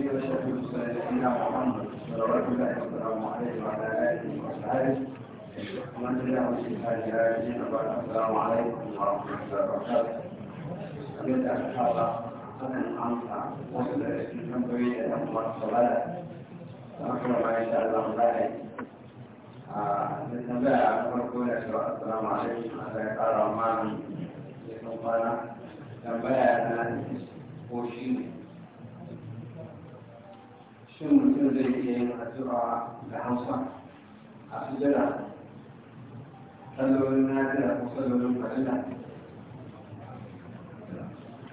سيدنا وشفيع محمد صلوات الله وسلامه عليه وعلى اله واصحابه ومن تبعهم بإحسان إلى يوم الدين السلام عليكم ورحمة الله وبركاته. أبيت أن أحاول أن أنصح وصل الجمهورية إلى الصلاة وأكرم ما شاء الله ذلك. نتبع نقول السلام عليكم على قال رمان يكون قال تنبأ أن وشيء shin mutum zai iya yin addu'a da hausa a sujada sallolin lafiya ko sallolin fadila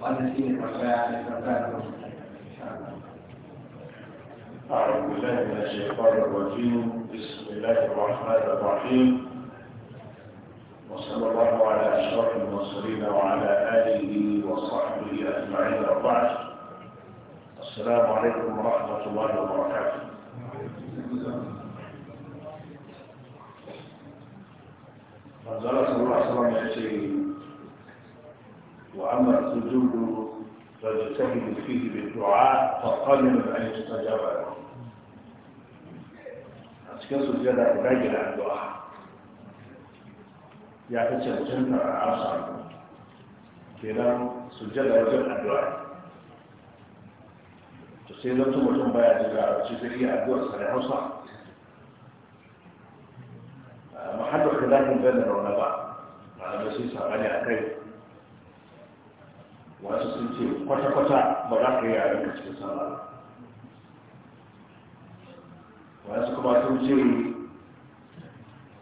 wannan shi ne tambaya da tambaya da wasu أعوذ بالله من الشيطان الرجيم بسم الله الرحمن الرحيم وصلى الله على أشرف المرسلين وعلى آله وصحبه أجمعين وبعد السلام عليكم ورحمة الله وبركاته فزال صلى الله عليه وسلم وأما السجود فاجتهد فيه بالدعاء فقبل أن يستجاب له cikin sujjada guda gida addu'a ya fi cancanta كلام سجادة kenan عن wajen سيدتهم وتم بايا تجارة وشفرية أدور صحيح وصح محل خلاف بين العلماء على مسيسة غني أكيد وأسسنتي قطع قطع بغاقية على مسيسة صلى الله وأسكما تمشي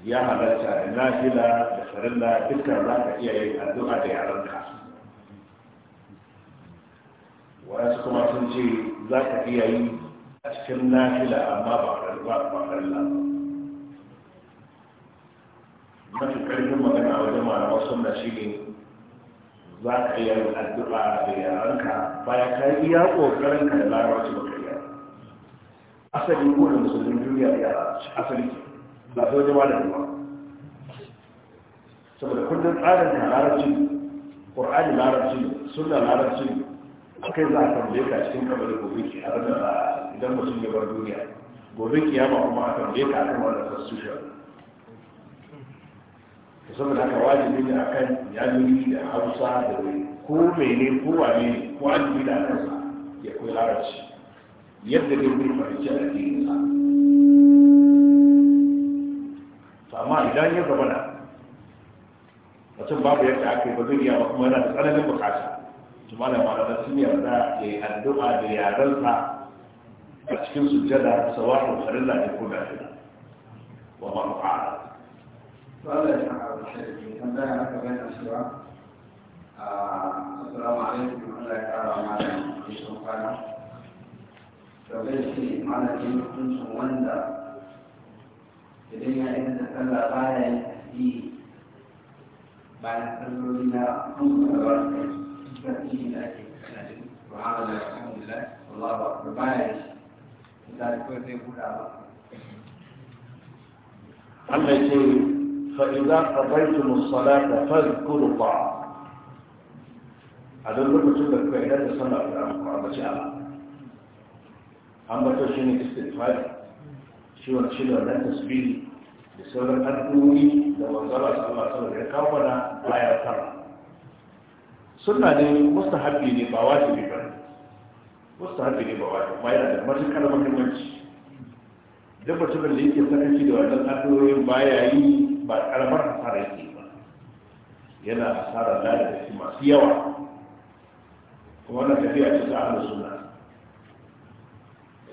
يا هذا إن لا بخرنا تلك الراحة هي الدغة دي على الكاس وأسكما تمشي za ka iya yi a cikin nafila amma ba ba a farilla mafi karfin magana a wajen malamar sunna shi ne za ka iya yin addu'a da yaranka bayan ka yi iya ƙoƙarin ka da larabci ba ka iya asali ko da musulmin duniya da yara asali ke ba sai wajen malamin ba saboda kundin tsarin ka larabci ƙur'ani larabci sunna larabci kai za a tambaye ka cikin kamar gobe ke a idan mutum ya bar duniya gobe kiyama kuma a tambaye ka akan wannan constitution to saboda haka wajibi ne akan yalimi da hausa da wai ko mene ko wane ne ko wajibi da kansa ya koyi larabci yadda dai wani fahimci a cikin sa amma idan ya zama na mutum babu yadda aka yi ba zai iya kuma yana da tsananin bukata su mana ma'ana sun yarda da addu'a da yarensa a cikin sujjada sawahu farilla da kuma da wa manu'ala Allah ya saka da shari'a tambaya aka bayyana cewa assalamu alaikum Allah ya kara mana kisan kwana da zai ce malamin hukuncin wanda idan ya yi da sallah baya yin tasiri bayan salloli أما يقول فإذا قضيتم الصلاة فاذكروا الله هذا يقول لكم كيف تصنع الأمر قرب شاء الله أما تشيني استدفاد شو أنشيني ولا تسبيل بسبب أدوني لما زرع صلى الله عليه وسلم لا يفرق suna ne haɗi ne ba ne ba haɗi ne ba wajibi ba yana da matuƙar muhimmanci duk mutumin da yake sakaci da wannan addu'o'in ya yi ba karamar hasara yake ba yana hasara da da masu yawa kuma wannan tafiya ce ta ala suna.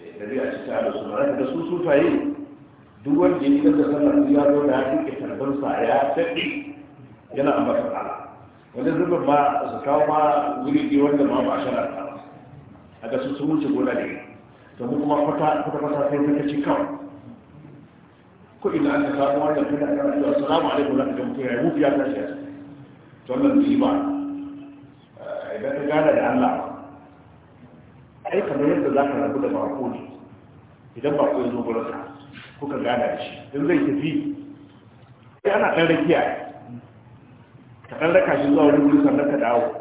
Eh, tafiya ce ta ahlus sunna da su sufaye duk wanda ya yi da sallar ya zo da ya kike sa ya tafi yana ambata wanda zubin ma su kawo ma wuri ne wanda ma ba shara ta a ga sun wuce gona ne to mu kuma kwata kwata kwata sai mun ci kawai ko ina an ta samu wannan kana kana da assalamu alaikum zaka ga mutum ya rufi ya tashi to wannan bi ba eh, idan ka gana da Allah ai kamar yadda zaka rabu da bako ne idan bako ya zo gurin ka kuka gana da shi Idan zai tafi sai ana ɗan rakiya ka ɗan raka shi zuwa wani dawo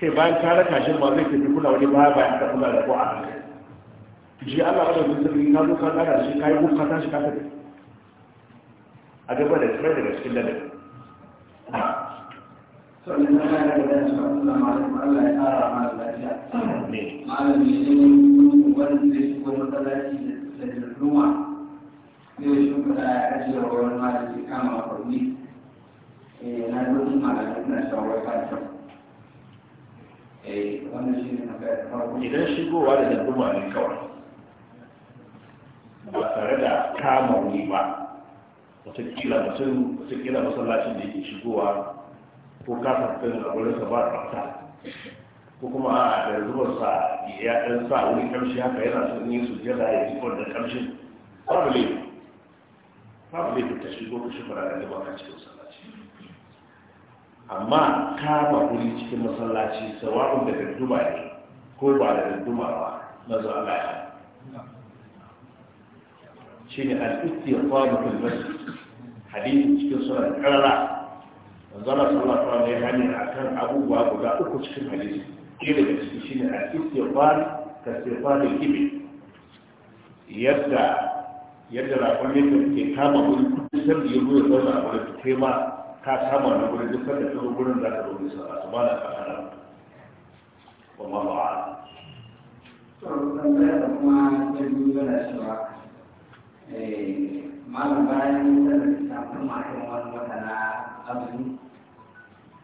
kai bayan ka raka shi ma zai tafi kula wani baya bayan ka kula da ko a kai shi Allah ba da tafi ka zo ka tsara shi ka yi kuka tashi ka tafi a gaba da daga cikin ladabi sannan na yana da yanzu a kula malam Allah ya tsara ma da lafiya malam ne ne wani zai shigo matsalaci da dalilin ruwa zai shuka da ya ajiye wa wani malam ya kama Eh, na dukkan malamai na shawarar kansa idan shigowa da darduma ne kawai ba tare da kama wuri ba watakila mutum watakila masallacin da yake shigowa ko kasa tun a ba ko kuma a da zubar ya ɗan sa wuri kamshi haka yana son yin su jira ya ji da kamshin Ba laifi ta shigo ka shi fara ba ka cikin sallah amma kama wuri cikin masallaci sawa'un da dadduma ne ko ba da dadduma ba mazu Allah ya shi ne al-istiqamu fil masjid hadisi cikin sunan karara manzala sallallahu alaihi wa sallam ya akan abubuwa guda uku cikin hadisi ɗaya daga ciki ya al da ka da kibi yadda yadda rakon yadda ke kama wuri kusan da ya zo ya zauna a wani kai ta kama da gurin duk sanda ta gurin za ta rubuta sallah subhana ka kana wallahu a'lam to tambaya da kuma jirgin yana cewa malam bayan da ta kuma kan wani wata na azumi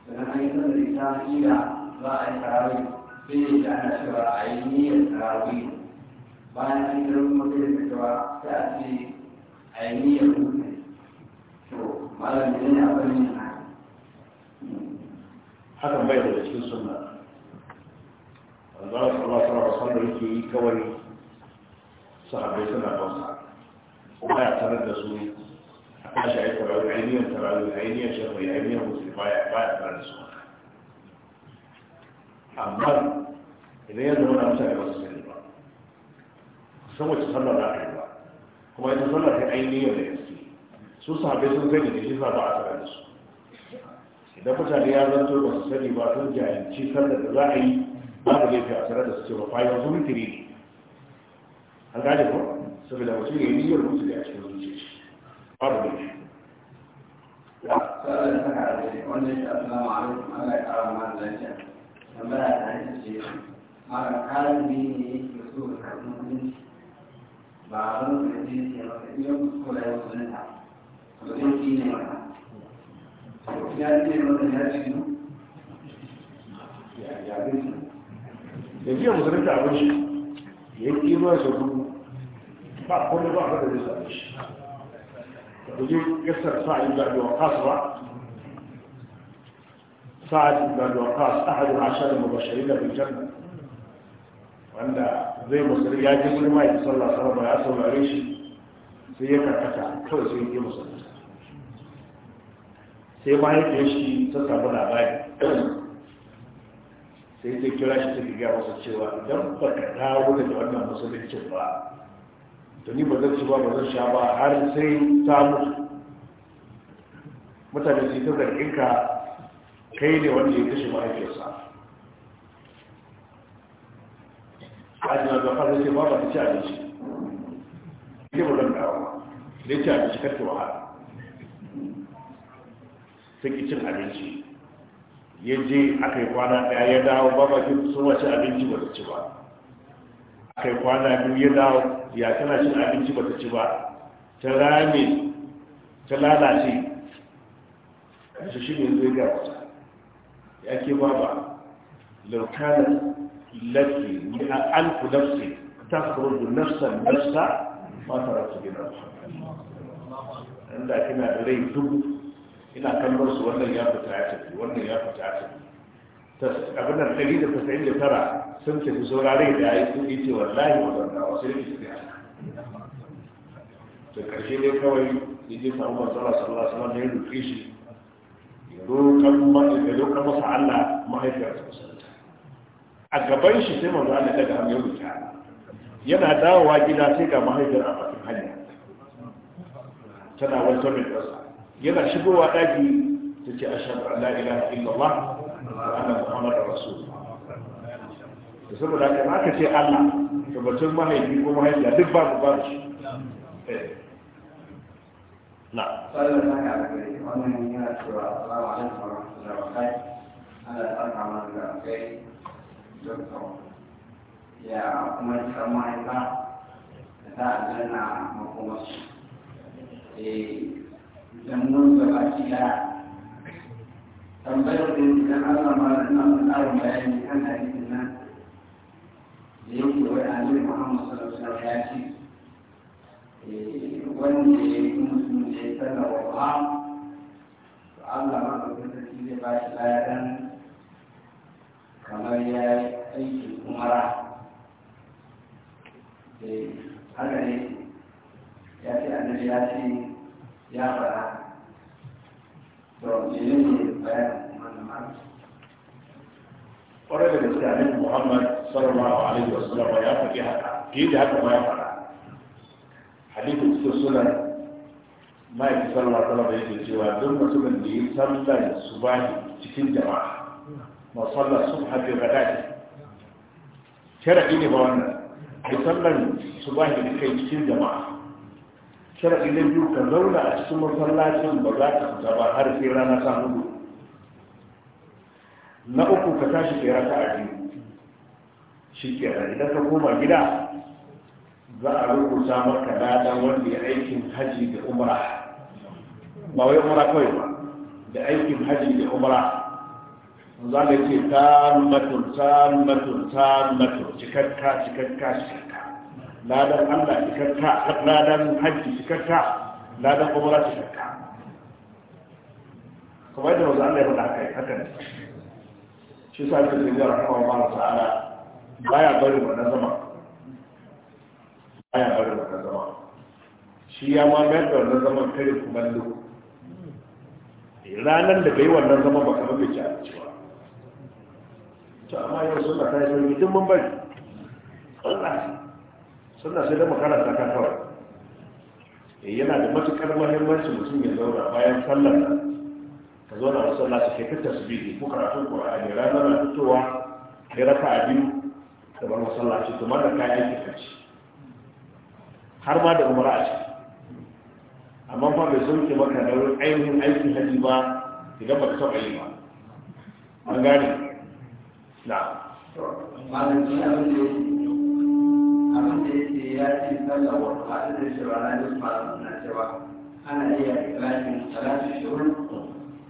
sannan an yi sallar ita ila za a yi tarawih sai da ana cewa a yi niyyar tarawih bayan an yi tarawih kuma sai da cewa sai a ce a yi niyyar hakan bai da cikin suna albarar sallallahu alaihi wasallam yake yi kawai sahabbai suna bauta kuma ya tarar da su a kashi aiki rayu ainihin tarayu ainihin shafai ainihin musulmi baya baya tarar da su amma idan ya zama na mutane wasu sani ba san wacce sallar da aka yi ba kuma ita sallar ta ainihin da ya su sahabai sun sani da shi sa ba a tsara da su idan mutane ya zanto ba su sani ba sun jayanci sallar da za a yi babu laifi a tsara da su cewa fayan su mutiri ne an gane ko saboda mutum ya yi niyyar mutu da a cikin zuciya babu laifi da karfin kudin ba a ba ka يجيو مزرعة عبوش يجيو مزرعة بعد كل واحد هذا يسألش يجيو كسر صاعد بعد وقاس رع صاعد بعد وقاس أحد العشر المبشرين في الجنة وأن ذي مزرعة يجيو لما يتصلى صلى الله عليه وسلم سيكا كتا كل سيجيو مزرعة sai mahaifiyar shi ta samu labari sai ta kira shi ta gaya masa cewa idan ba ka dawo da wannan musulunci ba to ni ba zan ci ba ba zan sha ba har sai ta mutu mutane su yi ta zarginka kai ne wanda ya kashe a jina da fara sai ba ba ta ci abinci ne ba zan dawo ne ci abinci karfe wahala sun ki cin abinci ya je aka yi kwana ɗaya ya dawo ba ba sun wace abinci ba ta ci ba aka yi kwana biyu ya dawo ya tana cin abinci ba ta ci ba ta rame ta lalace shi shi ne zai ga wata ya ke ba ba laukana lafi ni a alku nafsi ta furu da nafsan nafsa ba ta rasu gina inda kina da rai dubu ina kallon su wannan ya fita ya tafi wannan ya fita ya tafi abin nan ɗari da tasa'in da tara sun tafi saurare da ya yi kuɗi ce wallahi wa zanna wasu yake su ne ta karshe dai kawai yaje ta umar sallallahu alaihi wasallam ya rufe shi ya roƙa masa Allah mahaifiyarsa musulunta a gaban shi sai manzo Allah daga hannun rubuta yana dawowa gida sai ga mahaifiyar a cikin hanya tana wani tomin ɗansa yana shigowa daji ta ce ashadu an illallah wa anna muhammadar rasul da saboda haka in aka ce Allah tabbatun mahaifi ko eh. ya duk ba mu ba shi na ya ya kuma da ta sannan gaba ki daya tambayar da idan Allah ma da nan tsarin bayani kan hadisin nan da yake wa Annabi Muhammad sallallahu alaihi wasallam ya ce wanda ya yi musulmi da ya tsalla wa ba to Allah ma da kuma shi zai ba shi ladan kamar ya yi aiki kumara haka ne ya ce annabi ya ce ya fara ƙwarar da gaske annabi muhammad sallallahu alaihi wasallam ya faɗi haka ke da haka ma ya faɗa hadithin cikin sunan ma'aikin sallallahu alaihi wasallam yake cewa duk mutumin da ya sallar subahi cikin jama'a ma sallar subha bi ghadati sharadi ne ba wannan ya sallar subahi da kai cikin jama'a sharaɗi na biyu ka zauna a cikin masallacin ba za ka fita ba har sai rana ta hudu na uku ka tashi kai raka a biyu shi kenan idan ka koma gida za a rubuta maka ladan wanda ya aikin haji da umara. ba wai umara kawai ba da aikin haji da umara. za ka ce tammatun tammatun tammatun cikakka cikakka cikakka ladan Allah cikarta ladan hajji cikarta ladan umara cikarta kamar da wanzu Allah ya faɗa kai haka ne shi sa ta ce zuwa rahama ma Allah ta'ala baya bari wannan zama baya bari wannan zama shi ya ma mayar da wannan zaman kare kumallo ranar da bai wannan zama ba kamar bai ci abinci ba to amma yau sun ta yi sauri duk mun bari Allah suna sai da makaranta ta kawai eh, yana da matukar mahimmanci mutum ya zauna bayan sallar ka zauna a ke fitar su biyu ko karatun ne ranar na fitowa kai a biyu da bar masallaci kuma da ka aiki har ma da umara a ciki amma mai bai ke maka da ainihin aikin haji ba idan baka taɓa yi ba an gane na yake ya ce sallah wa ba da shi ba na duk ba na cewa ana iya salatin salatin shuru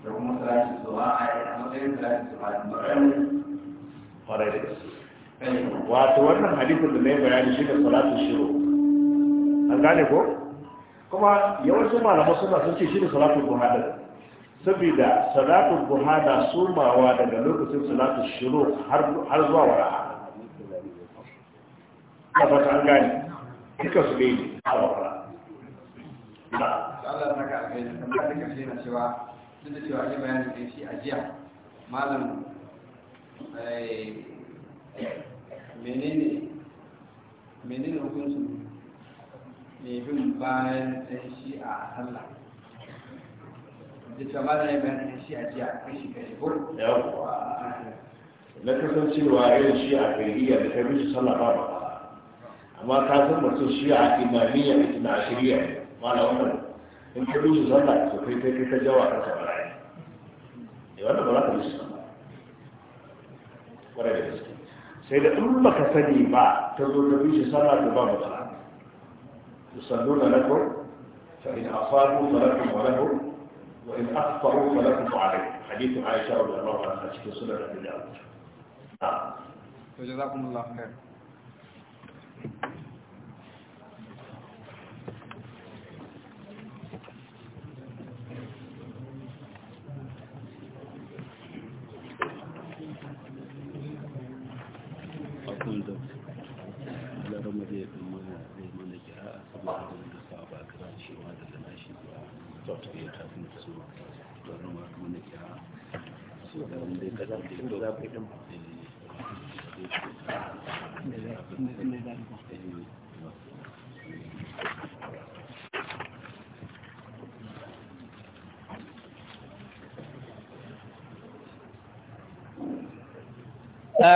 da kuma salatin zuwa a a matsayin salatin zuwa da ƙarami ƙwarai da wato wannan hadisin da na yi bayani shi da salatin shuru an gane ko kuma yawancin malamai suna sun ce shi da salatin buhadar saboda salatin buhada sumawa daga lokacin salatin shuru har zuwa wara'a kafata an gani duka su ne a Allah a da cewa duk da cewa bayanin da shi a jiya malam eh, menene menene hukuncin ne bin bayan ɗan shi a sallah da cewa malam ya bayan ɗan shi a jiya kashi kashi hur na kasancewa yin shi a kai da ta bi su sallah ba ba amma ka san mutum shi'a imamiyya na shari'a ma na wannan in ka bi zalla sallah to kai kai ka jawa ka sa barayi ne wannan ba za ka bi su sallah kwarai da gaske sai da in ka sani ba ta zo ta bi shi sallah to ba matsala يصلون لكم فإن أصابوا فلكم ولهم وإن أخطأوا فلكم عليهم حديث عائشة رضي الله عنها في سنة أبي داود. نعم. جزاكم Thank you.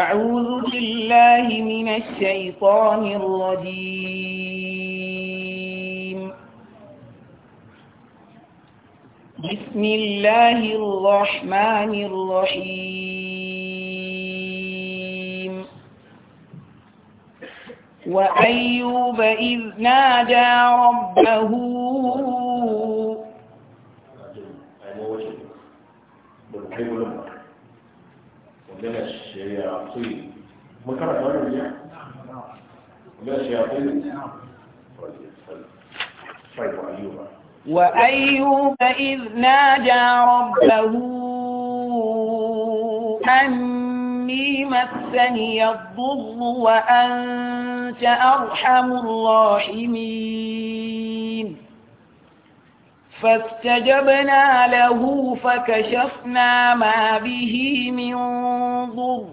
أعوذ بالله من الشيطان الرجيم بسم الله الرحمن الرحيم وأيوب إذ نادى ربه طيب، وأيوب وأيوب إذ ناجى ربه أني مسني الضر وأنت أرحم الراحمين فاستجبنا له فكشفنا ما به من ضر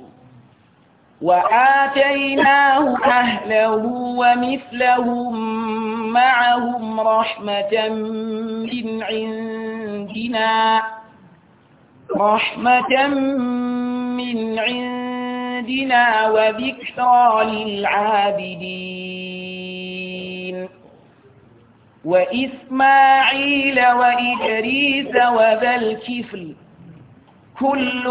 وآتيناه أهله ومثلهم معهم رحمة من عندنا رحمة من عندنا وذكرى للعابدين وإسماعيل وإدريس وذا الكفل كل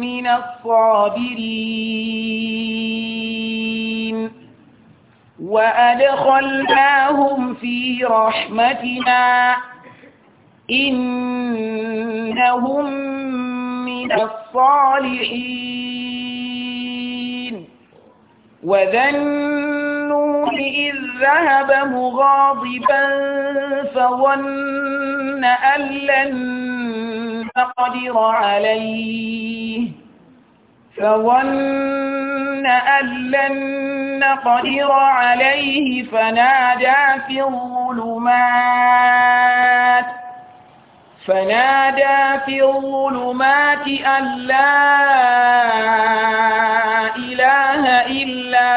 من الصابرين وأدخلناهم في رحمتنا إنهم من الصالحين وذنوا إذ ذهب مغاضبا فظن أن لن فقدر عليه فظن أن لن نقدر عليه فنادى في الظلمات فنادى في الظلمات أن لا إله إلا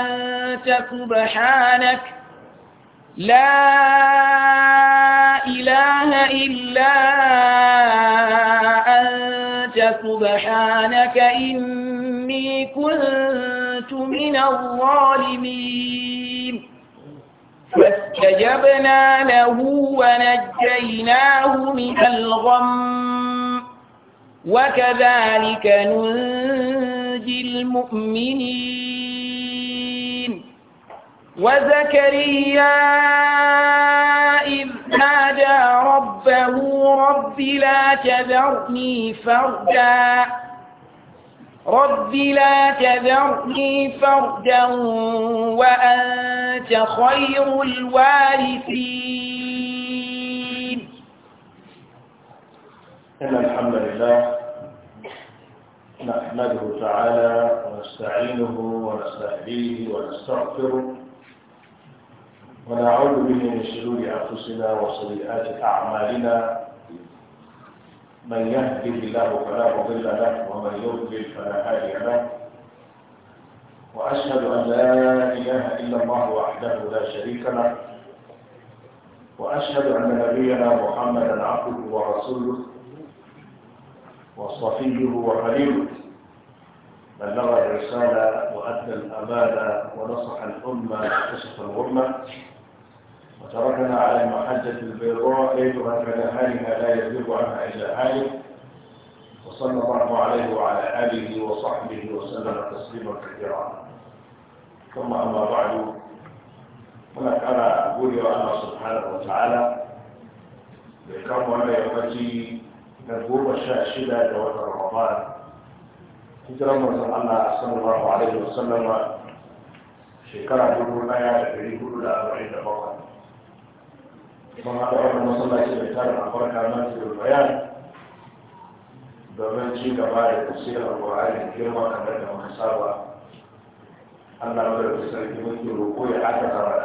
أنت سبحانك لا إله إلا أنت سبحانك إني كنت من الظالمين فاستجبنا له ونجيناه من الغم وكذلك ننجي المؤمنين وزكريا إذ نادى ربه رب لا تذرني فردا رب لا تذرني فردا وأنت خير الوارثين إن الحمد لله نحمده تعالى ونستعينه ونستهديه ونستغفره ونعوذ به من شرور أنفسنا وسيئات أعمالنا من يهده الله فلا مضل له ومن يضلل فلا هادي له وأشهد أن لا إله إلا الله وحده لا شريك له وأشهد أن نبينا محمدا عبده ورسوله وصفيه وخليله بلغ الرسالة وأدى الأمانة ونصح الأمة وكشف الغرمة وتركنا على المحجة البيضاء ليلها كنهارها لا يزيد عنها إلا هالك وصلى الله عليه وعلى آله وصحبه وسلم تسليما كثيرا ثم أما بعد هناك أنا أقول الله سبحانه وتعالى بكم ولا يمتي نقوم الشاشدة جوات رمضان hijirar manzon صلى الله عليه وسلم shekara dubu daya da كل hudu da mun haɗa wannan masallaci mai tarin albarka na jirin bayan domin ci gaba da tafsirin alƙur'ani girma kamar da muka saba Allah ya bada sarki muke roƙo ya aka zara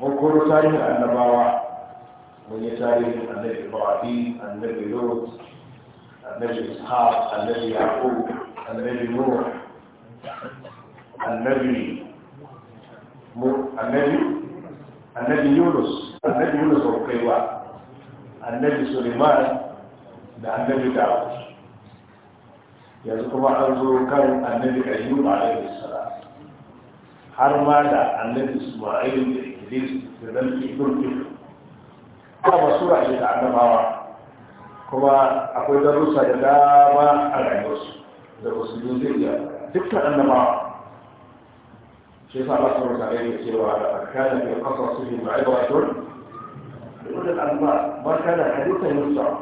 mun koro tarihin annabawa mun yi tarihin annabi Ibrahim annabi Lut annabi Ishaq annabi Yaqub annabi Nuh annabi annabi yunus annabi yunus ba kai ba annabi suleiman da annabi dawud yanzu kuma an zo kan annabi ayyub alaihi salam har ma da annabi isma'il da idris da dan ibn ibn kuma sura ce da annabawa kuma akwai darussa da dama a rayuwarsu da wasu zai iya dukkan annabawa شيخ الأصل الزعيم يسير على كان في قصصه عبرة يقول الأنبار ما كان حديثا يسعى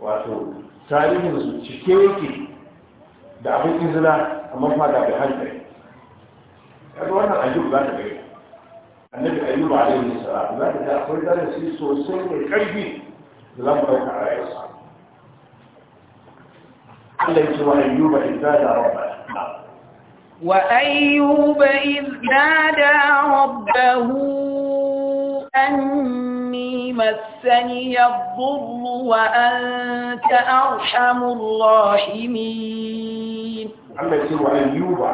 واتو سالي نزل شكيكي دعبي نزلا أما ما دعب حجبه قالوا أنا أجوب بعد بيه النبي أيوب عليه السلام ما تدع قلت أنا سيسو سيسو سيسو لم يكن على يسعى قال يسوى أيوب إبادة ربنا وأيوب إذ نادى ربه أني مسني الضر وأنت أرحم الراحمين محمد يسوى أيوب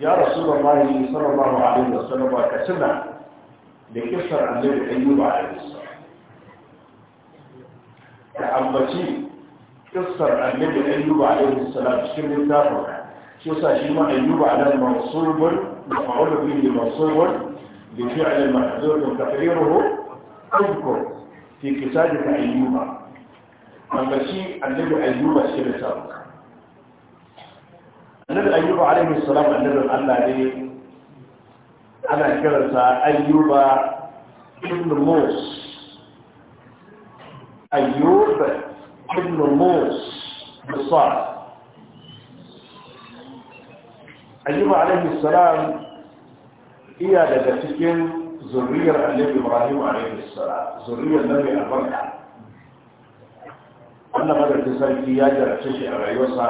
يا رسول الله صلى الله عليه وسلم وكسنا لكسر عن أيوب عليه السلام كأمتي كسر عن أيوب عليه السلام شكرا لله shi شيما shi ma ayyuba nan mansubun mafa'ul bihi mansubun bi fi'l اذكر في كتابة أيوب أما شيء النبي أيوب الشيء سابق النبي أيوب عليه السلام النبي قال لي أنا كرت أيوب ابن موس أيوب ابن موس بالصاد ayyuba alaihi salam iya daga cikin zuriyar annabi ibrahim alaihi salam zuriyar nabi albarka wannan madarci sarki ya jarabce shi a rayuwarsa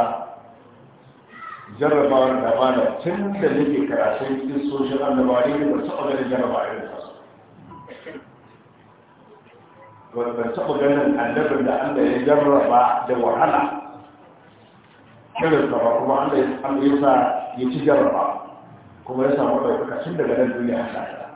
jarrabawar da ba da tun da nake karatun kisoshin annabari ne ba taɓa ganin jarrabawa irin tasu ba taɓa ganin annabin da an da ya jarraba da wahala irin ta ba kuma an da ya sa ya ci jarraba kuma ya samu ɗaukaka tun daga nan duniya a lahira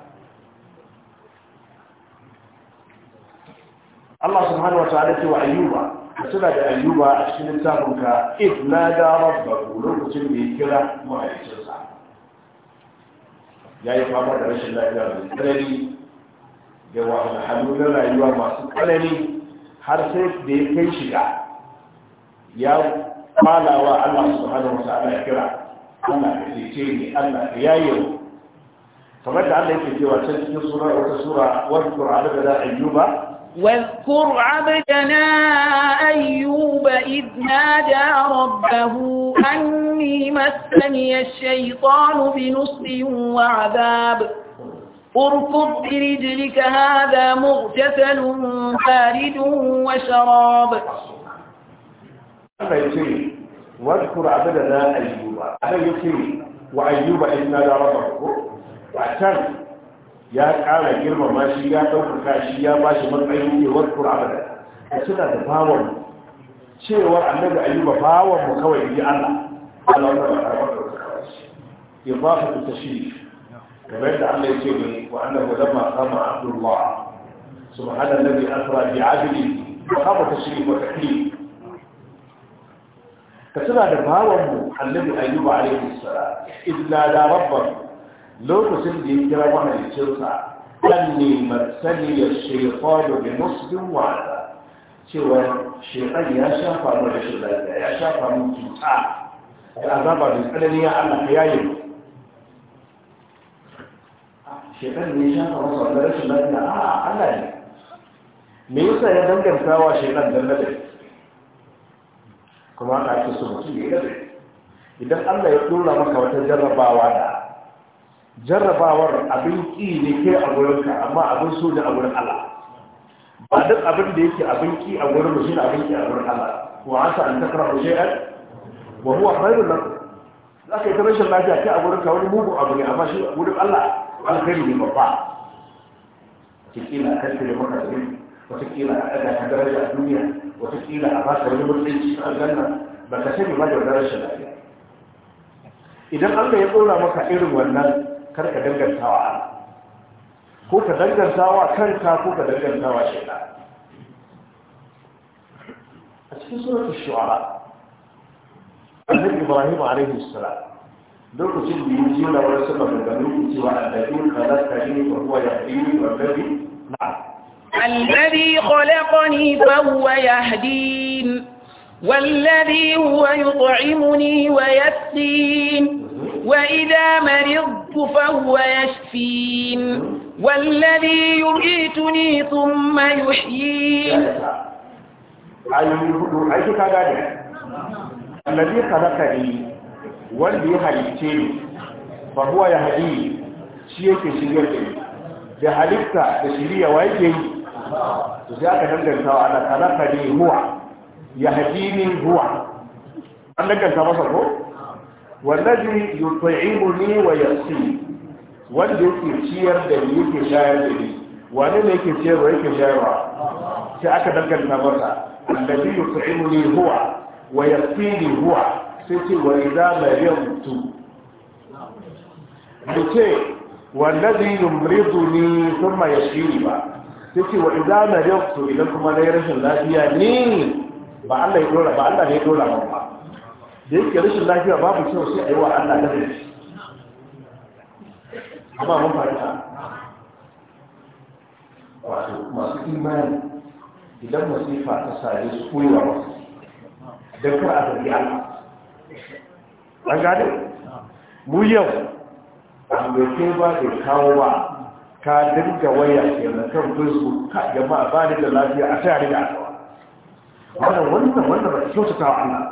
Allah subhanahu wa ta'ala ce wa ayyuba ka suna da ayyuba a cikin littafin ka if na da rabbahu lokacin da ya kira mahaifinsa ya yi fama da rashin lafiya mai tsanani da wahalhalu na rayuwa masu tsanani har sai da ya kai shiga ya falawa Allah subhanahu wa ta'ala kira Allah ka cece ni Allah ka yaye mu kamar da Allah yake cewa can cikin sura wata sura wadkur abada ayyuba واذكر عبدنا أيوب إذ نادى ربه أني مسني الشيطان بنصب وعذاب اركض برجلك هذا مغتسل بارد وشراب Allah ya ce واذكر عبدنا ايوب انا يقيم وايوب اذ نادى ربه وعشان يا قال كلمة ما شي يا دوك كاشي يا باشي من واذكر عبدنا اشد الباور شيء والنبي ايوب باور مكوي يا الله الله اكبر اضافه التشريف كبرت عنه يسيري وأنه لما قام عبد الله سبحان الذي أثرى بعدله فقام تشريف وتحليم ka tuna da bawanmu annabi ayyuba alaihi salam illa da rabban lokacin da ya kira mahaifinsa anni matsali ya shaytanu bi nusbin wa cewa shaytan ya shafa mu da shi lafiya ya shafa mu cuta da azaba da tsanani ya Allah ya yi shaytan ne ya shafa masa da rashin lafiya a Allah ne me yasa ya danganta wa shaytan dan lafiya kuma ana ake so mutum ya yi idan Allah ya tura maka wata jarrabawa da jarrabawar abin ki ne ke a gurinka amma abin so ne a gurin Allah ba duk abin da yake abin ki a gurin mu shine abin ki a gurin Allah wa asa an takrahu shay'an wa huwa khairun lak ka yi rashin lafiya ke a gurin ka wani mugu abu ne amma shi gurin Allah alkhairu ne babba kikila kan tare maka da watakila a ɗaga ka daraja a duniya watakila a baka wani mutunci a aljanna ba ka sani ba da wani shi lafiya idan allah ya ɗora maka irin wannan kar ka dangantawa wa ko ka danganta wa kanka ko ka danganta wa shaitan a cikin suratul shu'ara annabi ibrahim alaihi salam lokacin da yi jiya wani sama da ganin cewa annabi kalasta ne ko kuwa ya yi wa gabi na'am الذي خلقني فهو يهدين والذي هو يطعمني ويسقين وإذا مرضت فهو يشفين والذي يميتني ثم يحيين الذي خلقني والذي هديتني فهو يهدي شيء في شريعته da halitta da shiriya wa yake yi to sai aka danganta wa Allah khalaqani huwa ya yahdini huwa an danganta masa ko wallazi ni wa yasi wanda yake ciyar da ni yake shayar da ni wani ne yake da yake shayarwa sai aka danganta masa allazi ni huwa wa ni huwa sai ce wa idza maryamtu ce wallazi yumriduni thumma yasqini ba sai ce wa idza maridtu idan kuma nayi rashin lafiya ni ba Allah ya dora ba Allah ne ya dora ba da yake rashin lafiya babu kyau sai ayi wa Allah da shi amma mun fara wato masu imani idan masifa ta sare su koyawa wasu don kar a gari Allah an gane mu yau an bai ba da kawo ba ka dinga waya kenan kan facebook ka gama ba ni da lafiya a tare da asawa wannan wannan wannan ba kyautata ta Allah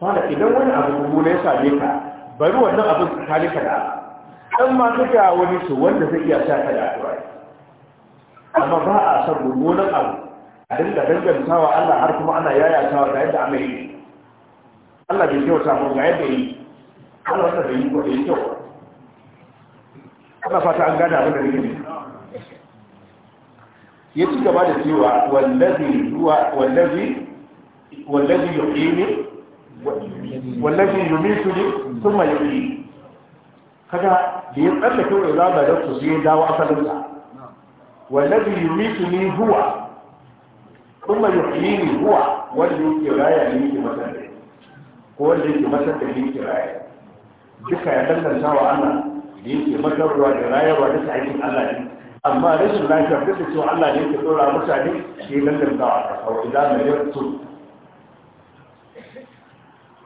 wanda idan wani abu mummuna ya same ka bari wannan abin su kare ka da dan ma duka wani su wanda zai iya sa ka da addu'a amma ba a san mummunan abu a dinga dangantawa Allah har kuma ana yayatawa ga yadda amai Allah bai kyauta mu ga yadda yi Allah wannan bai yi ko da kyau ana fata an gane abin da nake ya ci gaba da cewa wallazi huwa wallazi wallazi yuqini wallazi yumituni thumma yuqini kaga da ya tsallake wa zaba da su sai dawo asalin sa wallazi huwa thumma huwa wanda yake raya ne yake ko wanda yake masa da raya duka ya danganta wa Allah da yake matarwa da rayarwa da ta aikin Allah ne amma rashin lafiya da ta cewa Allah ne ke dora mutane ke lantarkawa a kawo idan mai yarsu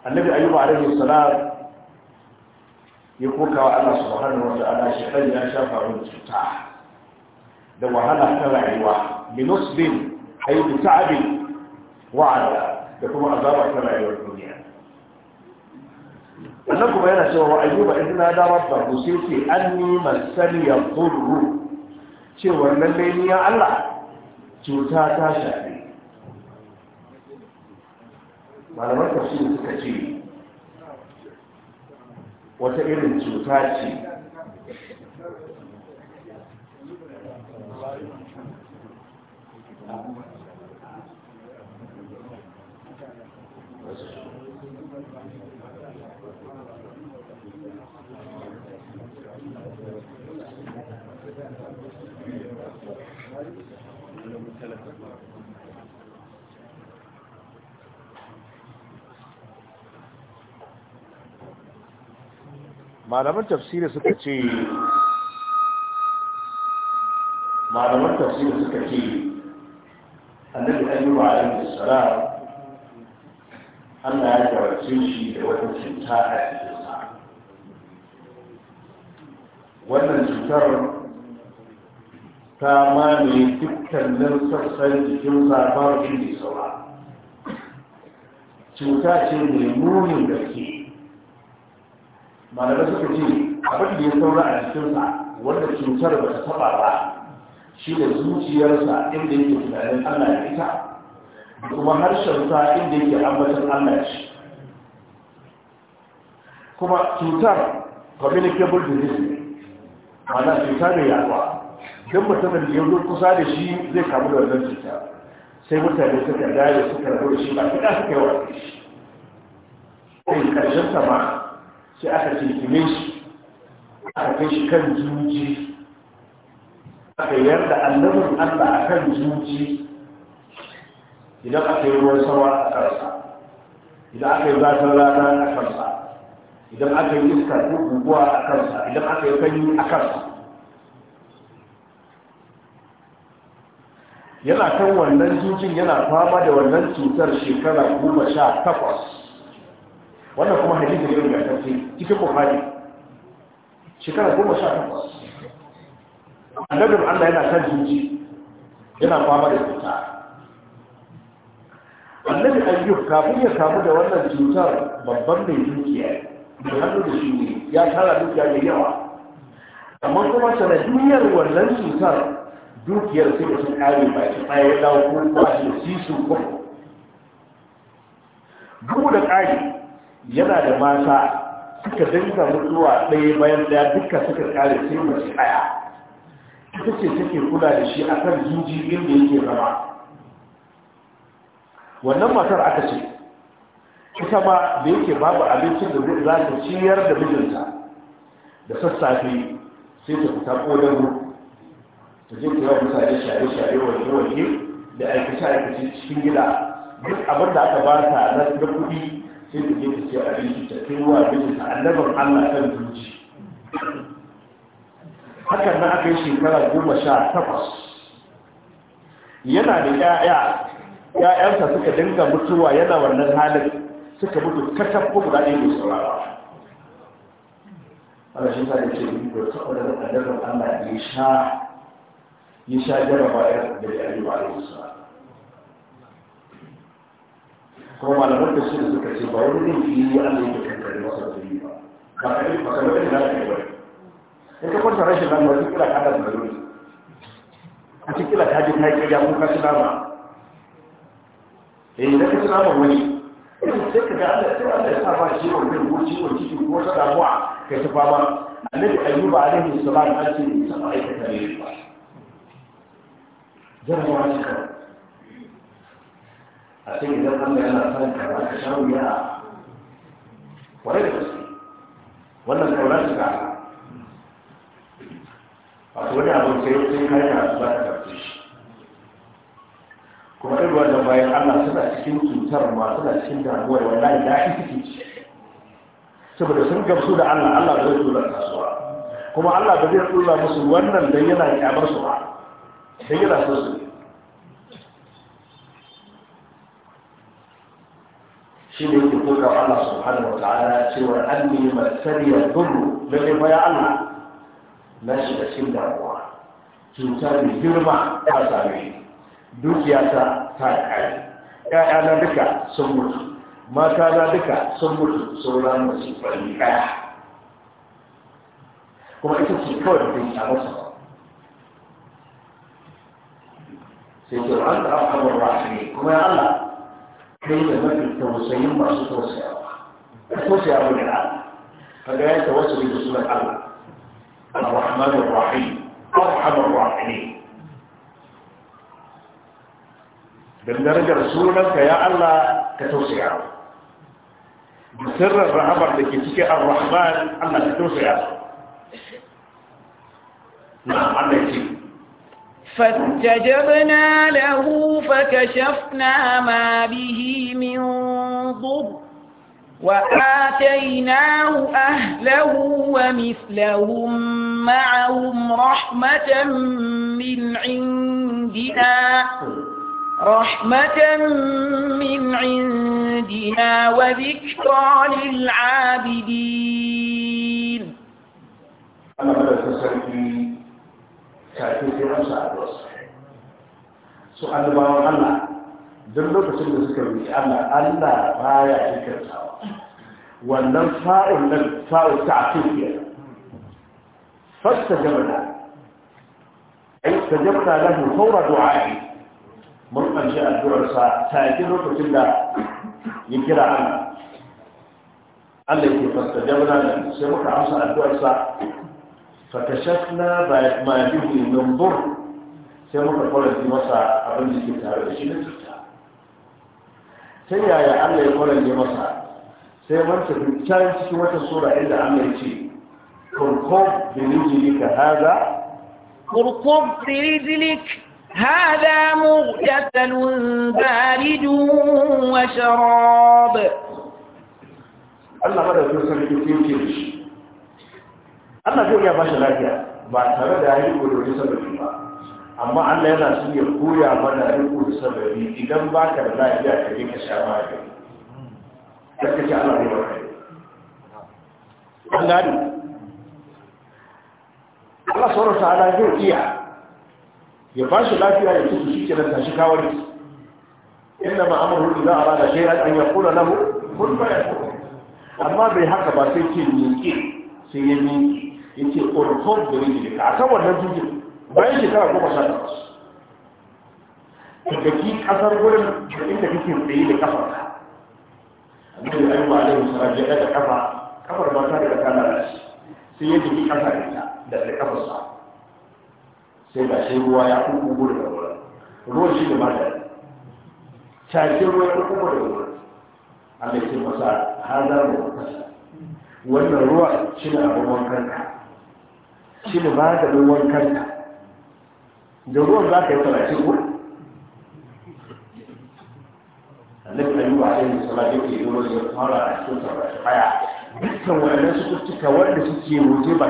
annabi ayyuba alaihi salam ya koka wa Allah subhanahu wa ta'ala shi kan ya shafa wani cuta da wahala ta rayuwa minusbin ay bi ta'abin wa'ada da kuma azaba ta rayuwar duniya Wannan kuma yana cewa wa ayyuba na da rabba ku sai ce anni masani ya ce cewa lalle ni ya Allah cuta ta shafe malaman shi suka ce wata irin cuta ce malaman tafsiri suka ce malaman tafsiri suka ce annabi ayyuba alaihi salam Allah ya gabace shi da wata cuta a cikinsa wannan cutar ta mamaye dukkanin sassan jikin ba shi ne saura cuta ce mai munin gaske malamai suka ce abin da ya saura a jikinsa wanda cutar ba ta taba ba shi da zuciyarsa inda yake tunanin allah ya ita kuma harshensa inda yake ambatan allah shi kuma cutar communicable disease ne mana cuta mai yawa don mutumin da ya zo kusa da shi zai kamu da wannan cuta sai mutane suka dare suka rabu da shi ba kiɗa suka yi wa shi ƙarshen sama sai aka kirkime shi aka kai shi kan zuci aka yarda annabin allah a kan zuci idan aka yi ruwan sama a karsa idan aka yi zafin rana a karsa idan aka yi iska ko guguwa a karsa idan aka yi kanyi a karsa yana kan wannan jujin yana fama da wannan cutar shekara goma sha takwas wannan kuma hadisi ne ga tafsir cikin bukhari shekara goma sha takwas annabin allah yana san zuci yana fama da cuta annabi ayyub kafin ya samu da wannan cutar babban mai dukiya mai hannu da shi ne ya tara dukiya da yawa amma kuma sanadiyar wannan cutar dukiyar sai da sun kare ba shi tsaye dawo ko ba shi su ko bugu da kare yana da mata suka dinga mutuwa ɗaya bayan ɗaya duka suka kare sai mace ɗaya ita ce take kula da shi a kan jinjirin da yake zama wannan matar aka ce ita ma da yake babu abincin da za ta ciyar da mijinta da sassafe sai ta fita ƙodar ta je kira mutane shaye-shaye wanke-wanke da aikace-aikace cikin gida duk abin da aka ba ta na kuɗi sai da ke ce a yi ta kai wa bin annabar Allah kan zuci hakan na aka yi shekara goma sha takwas yana da 'ya'ya ‘ya'yansa suka dinga mutuwa yana wannan halin suka mutu kasar ko guda ɗaya mai saurara ana shi sa da ce da saboda da ƙadarar Allah ya sha ya sha jarraba ya da ya yi wa alaihi kuma malaman da shi da suka ce ba wani ne Allah yake kankare masa zuri ba ba ka yi maka da ka yi ba ka kwanta rashin nan wani kila ka da zuri a cikin kila ka ta yi kira ka ci nama eh da ka ci nama wani sai ka ga Allah sai Allah ya sa ba shi wani ko ciwon ciki ko ta damuwa kai ta fama annabi ayyuba alaihi salam an ce sa aikata ne ba jarabawa ce kawai a sai idan Allah yana son ka ba ka shan wuya kwarai da gaske wannan kaunar su ga wato wani abin sai sai kai na su ba ta karfi shi kuma irin wannan bayan Allah suna cikin cutar ma suna cikin damuwar wallahi da shi suke ci saboda sun gamsu da Allah Allah zai tura kasuwa kuma Allah ba zai tura musu wannan don yana kyamar su ba don yana so su shi ne yake kuka Allah subhanahu wa ta'ala cewa anni ya duru na fa ya Allah na shiga cin damuwa cuta mai girma ta same dukiya ta ta kai ƴaƴa na duka sun mutu mata na duka sun mutu sauran masu bari ɗaya kuma ita ce kawai da take a masa sai ce an da abubuwan rahimi kuma ya Allah كيف يمكن التوسل ينبع ستوسع ستوسع من العالم فقال يتوسل بسم الله الرحمن الرحيم ارحم الراحمين بالدرجة رسولك يا الله كتوسع بسر الرحمة تشكي الرحمن أنك كتوسع نعم عندك فاستجبنا له فكشفنا ما به من ضر وآتيناه أهله ومثلهم معهم رحمة من عندنا رحمة من عندنا وذكرى للعابدين. take sai amsa addu'arsa su annabawan Allah duk lokacin da suka roƙi Allah Allah baya jinkirtawa wannan fa'il nan fa'il ta'kid ne fastajabna ai tajabna Mu fawra du'a'i mun kanci addu'arsa take lokacin da ya kira Allah Allah yake fastajabna lahu sai muka amsa addu'arsa fakashafna ma bihi min bur sai muka kwaranci masa abin da ke tare da shi na cuta ta yaya allah ya kwaranci masa sai wanta can cikin wata sura inda allah ya ce kurkum bi rijlika hada kurkum bi rijlik هذا مغتسل بارد وشراب الله هذا يوصل في Allah zai iya ba shi lafiya ba tare da yi koyo da sababi ba amma Allah yana so ya koya mana riko da sababi idan ba ka da lafiya ka yi ka sha magani da ka ce Allah zai ka yi gani Allah sauran ala zai iya ya ba shi lafiya ya tutu shi kenan tashi kawai inna ma amru idza arada shi an yaqula lahu kun fayakun amma bai haka ba sai ce ke sai ya ke yace urfur da rijili ka kan wannan jujin bayan shekara goma sha takwas daga ƙasar kasar gurin da inda kake tsaye da kafar ka annabi ayyuba alaihi salam ya daga kafa kafar ba ta daga kana da shi sai ya jiki kasa da ita da da kafar sa sai ga shi ruwa ya kuku gurin da wurin ruwan shi da mata cakin ruwa ya kuku gurin da wurin Allah ya ce masa hazar mu wannan ruwa shi ne abubuwan wankan shi ne maganin kanta, da ruwan za ka yi talatin ko annabi ayyuba ke yi wani fara a cikin sarrafa waɗannan cututtuka wanda suke ba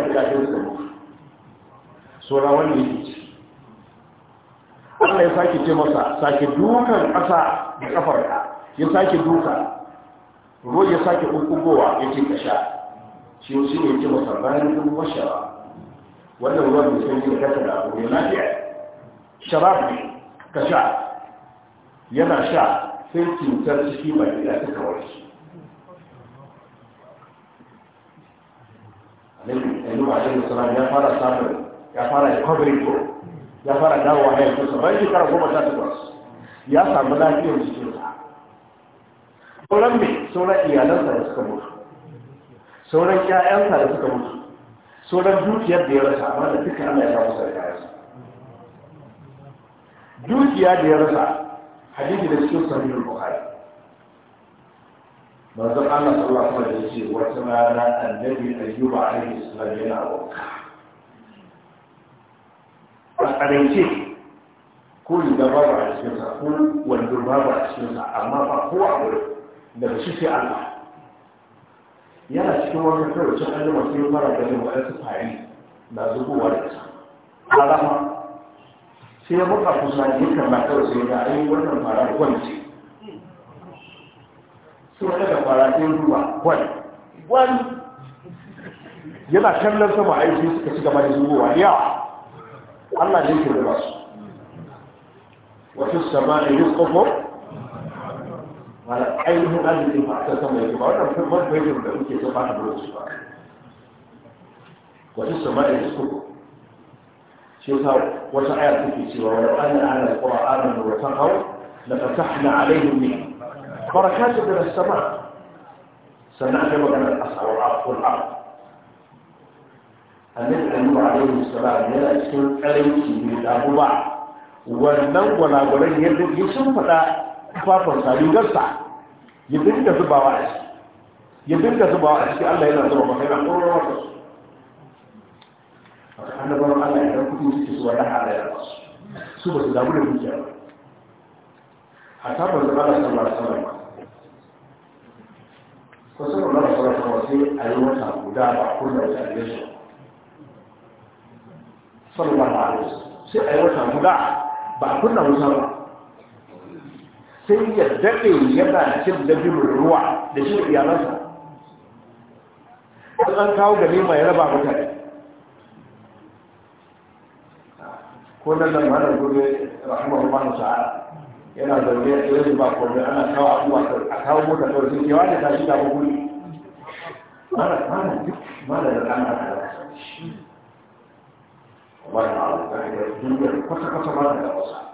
wanda yake ci Allah ya sake ce masa sake dukan ƙasa da ƙafar ka ya sake duka ruwa ya sake ƙuƙugowa ya ce ka shi ne ce masa bayan kuma washewa wannan ruwan da sun yi tattara abu ne lafiya sharaf ka sha yana sha sai cutar ciki mai gida ta kawai shi a cikin salam ya fara samun ya fara kwabirin ko ya fara dawowa ya kusa bayan shekara goma sha takwas ya samu lafiyar jikinsa sauran mai sauran iyalansa da suka mutu sauran 'ya'yansa da suka mutu sauran dukiyar da ya rasa amma da duka Allah ya samu da kayansa dukiya da ya rasa hadisi da cikin sahihul bukhari manzon Allah sallallahu alaihi wasallam ya ce wata rana annabi ayyuba alaihi salam yana wanka a karance ko riga babu a cikin sa, ko wando babu a cikin sa, amma ba ko a wurin daga shi sai Allah yana cikin wani kawai cin an jima sai fara ganin waɗansu fari na zubowa da ta. harama sai ya buka kusa ne kan na kawai sai ga ayi wannan fara kwanci sai wani da fara sai ruwa kwan kwan yana kallon sama aiki suka ci gaba da zubowa ya Allah ne ke da su wata sama ne yi tsofo mana ainihin arzikin ba ta sama yake ba wannan firman bayyana da muke ta fata da su ba wata sama da su shi ta wata aya take cewa wa ana ana qur'anan wa taqaw la fatahna alaihim min barakat min as-sama sannan da magana asawaf wal ard annabi ayyuba alaihi salam yana cikin karanci da abuba wannan gwalagwalan yadda ya sun faɗa tufafinsa rigarsa ya da zuba a ciki ya da zuba wa aiki allah yana zuba maka yana ƙorar wata su da annabar allah ya ɗan kuɗi suke su wani halayya ba su ba su damu da dukiya ba a tabar da allah da sallar ba kusan da allah da sallar sai a yi wata guda ba kullum da wata ne su sallar ba sai a yi wata guda ba a kunna wuta ba sai ya daɗe yana cin dabin ruwa da shi iyalansa an an kawo ganima ya raba mutane ko nan da mana gobe rahimar manu sa'a yana zaune ya tsaye ba kome ana kawo ko a kawo mota kawai sun kewa da tashi da mahuri mana mana duk mana da ɗan da shi wani da ya duniyar kwata-kwata mana da wasa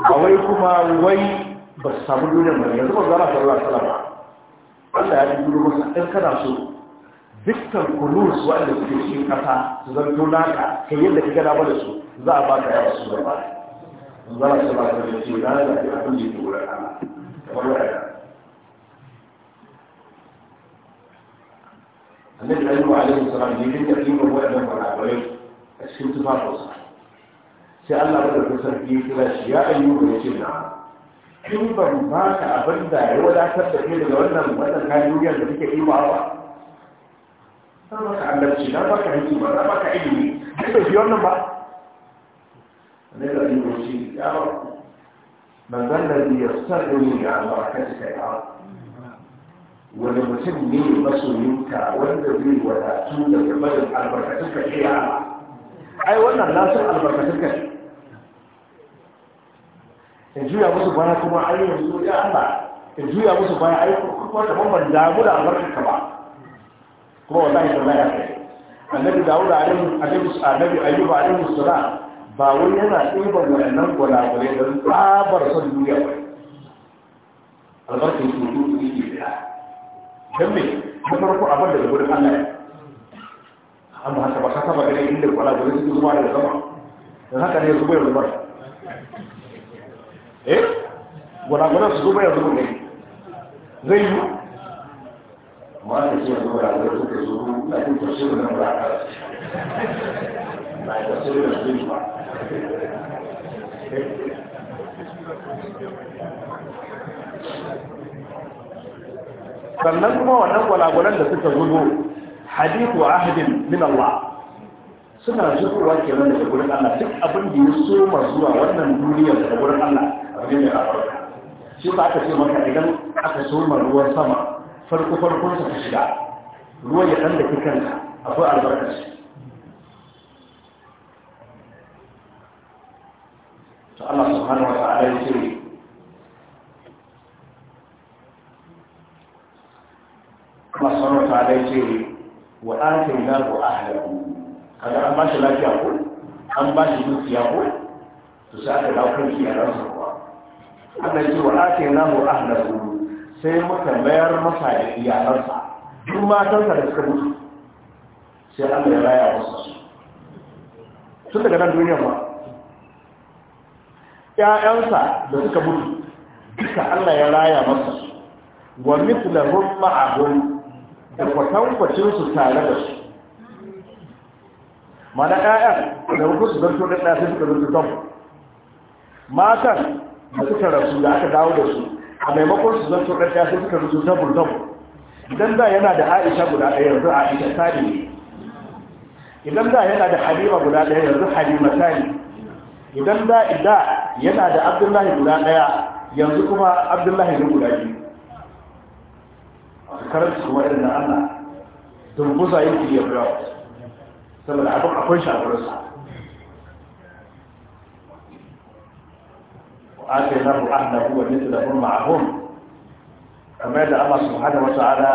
a wai kuma wai ba su samu duniyar mai yanzu ba zara sallar sallar ba wanda ya dubu masa ɗan kana so dukkan kulus waɗanda suke cikin ƙasa su zanto naka kan yadda kika dama da su za a baka yawa su gaba zara sallar da ce na da ake abin da ke wurin ana kamar wa'ada annabi ayyuka alaihi salam ne duk da ɗin wa'adan a cikin tufafinsa sai Allah ya rubuta sarki kira shi ya ayyuka ya ce na'am in ban ba ka abin da ya wadatar da ke daga wannan wannan kayan duniyar da kake ɗiba ba na baka annabci na baka hikima na baka ilimi duk da shi wannan ba ne da yi wuce ya ba manzan da biya sarri ya albarkaci kai ba wani mutum ne masoyinka wanda zai wadatu daga barin albarkacin ka ke ya ai wannan nasu albarkacin ka ka juya musu baya kuma ai yanzu ya Allah ka juya musu baya ai kuma kamar ban damu da ka ba kuma wallahi ta alaihi wasallam annabi dawud da annabi annabi ayyub alaihi salam ba wai yana ɗiban waɗannan gwalagwale da tsabar son duniya ba albarkar su duk yake da don me na farko abin da gudun allah ya amma haka ba ka saba ganin inda gwalagwale su zuwa daga sama dan haka ne zuwa yanzu ba eh gwanagwanan su zuba yanzu ne zai yi ma ta ce yanzu ga wani suka zo na yin tafsirin nan ba a na yin tafsirin nan zai ba sannan kuma wannan gwalagwalan da suka gudu hadithu ahadin min Allah suna wa zuwa kenan daga gurin Allah duk abin da ya soma zuwa wannan duniyar daga gurin Allah wani mai albarka shi ba aka ce maka idan aka soma ruwan sama farko farkon sa ta shiga ruwan ya dan da kanka akwai albarka shi to Allah subhanahu wa ta'ala ya ce kuma sauran ta dai ce wa ɗanfin na ku ahalaku kaga an ba shi lafiya ko an ba shi dukiya ko to sai aka dawo kan iyalansa kuwa Allah ce wa ake nahu ahlahu sai muka mayar masa da iyalansa duk matansa da suka mutu sai Allah ya raya wasu. tun daga nan duniya ba ƴaƴansa da suka mutu duka Allah ya raya masa wa mithlahum ma'ahum da kwatankwacin su tare da su mana ƴaƴan da hukun su zanto da ɗaya sai suka zanto matan da suka rasu da aka dawo da su a maimakon su zan ƙarshe sai suka rusu zabur zabur idan da yana da aisha guda ɗaya yanzu a aisha tari idan da yana da halima guda ɗaya yanzu halima tari idan da idan yana da abdullahi guda ɗaya yanzu kuma abdullahi ne guda biyu a karanta kuma irin na allah dumbuza yin kiriya brown saboda abin akwai shafararsa آتيناه أهله ومثلهم معهم كما يدعى الله سبحانه وتعالى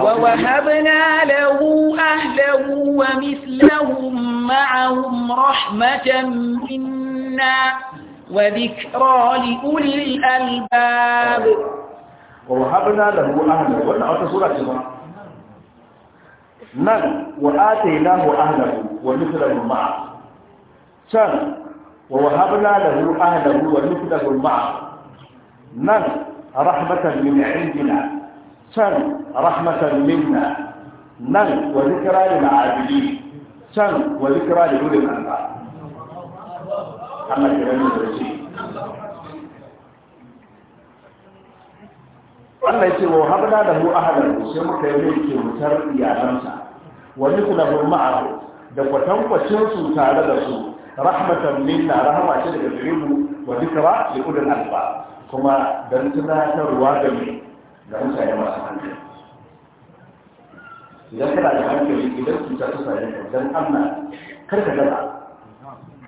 ووهبنا له أهله ومثلهم معهم رحمة منا وذكرى لأولي الألباب ووهبنا له أهله وانا أتصورة سورة نعم وآتيناه أهله ومثلهم معه كان wa wahabna lahu ahlahu wa nuqdahu ma'a nan rahmatan min indina can rahmatan minna nan wa zikra lil abidin can wa zikra lil 'ulama albab Allah ya da shi Allah ya ce wa habna lahu ahlahu sai muka yi yake mutar iyalansa wa mithlahu ma'ahu da kwatankwacin su tare da su rahmatan minna rahama ce daga gare mu wa zikra li ulul alba kuma dan tunatarwa ga mu ga mutane masu hankali idan kana da hankali idan cuta ta same ka dan Allah kar ka gaza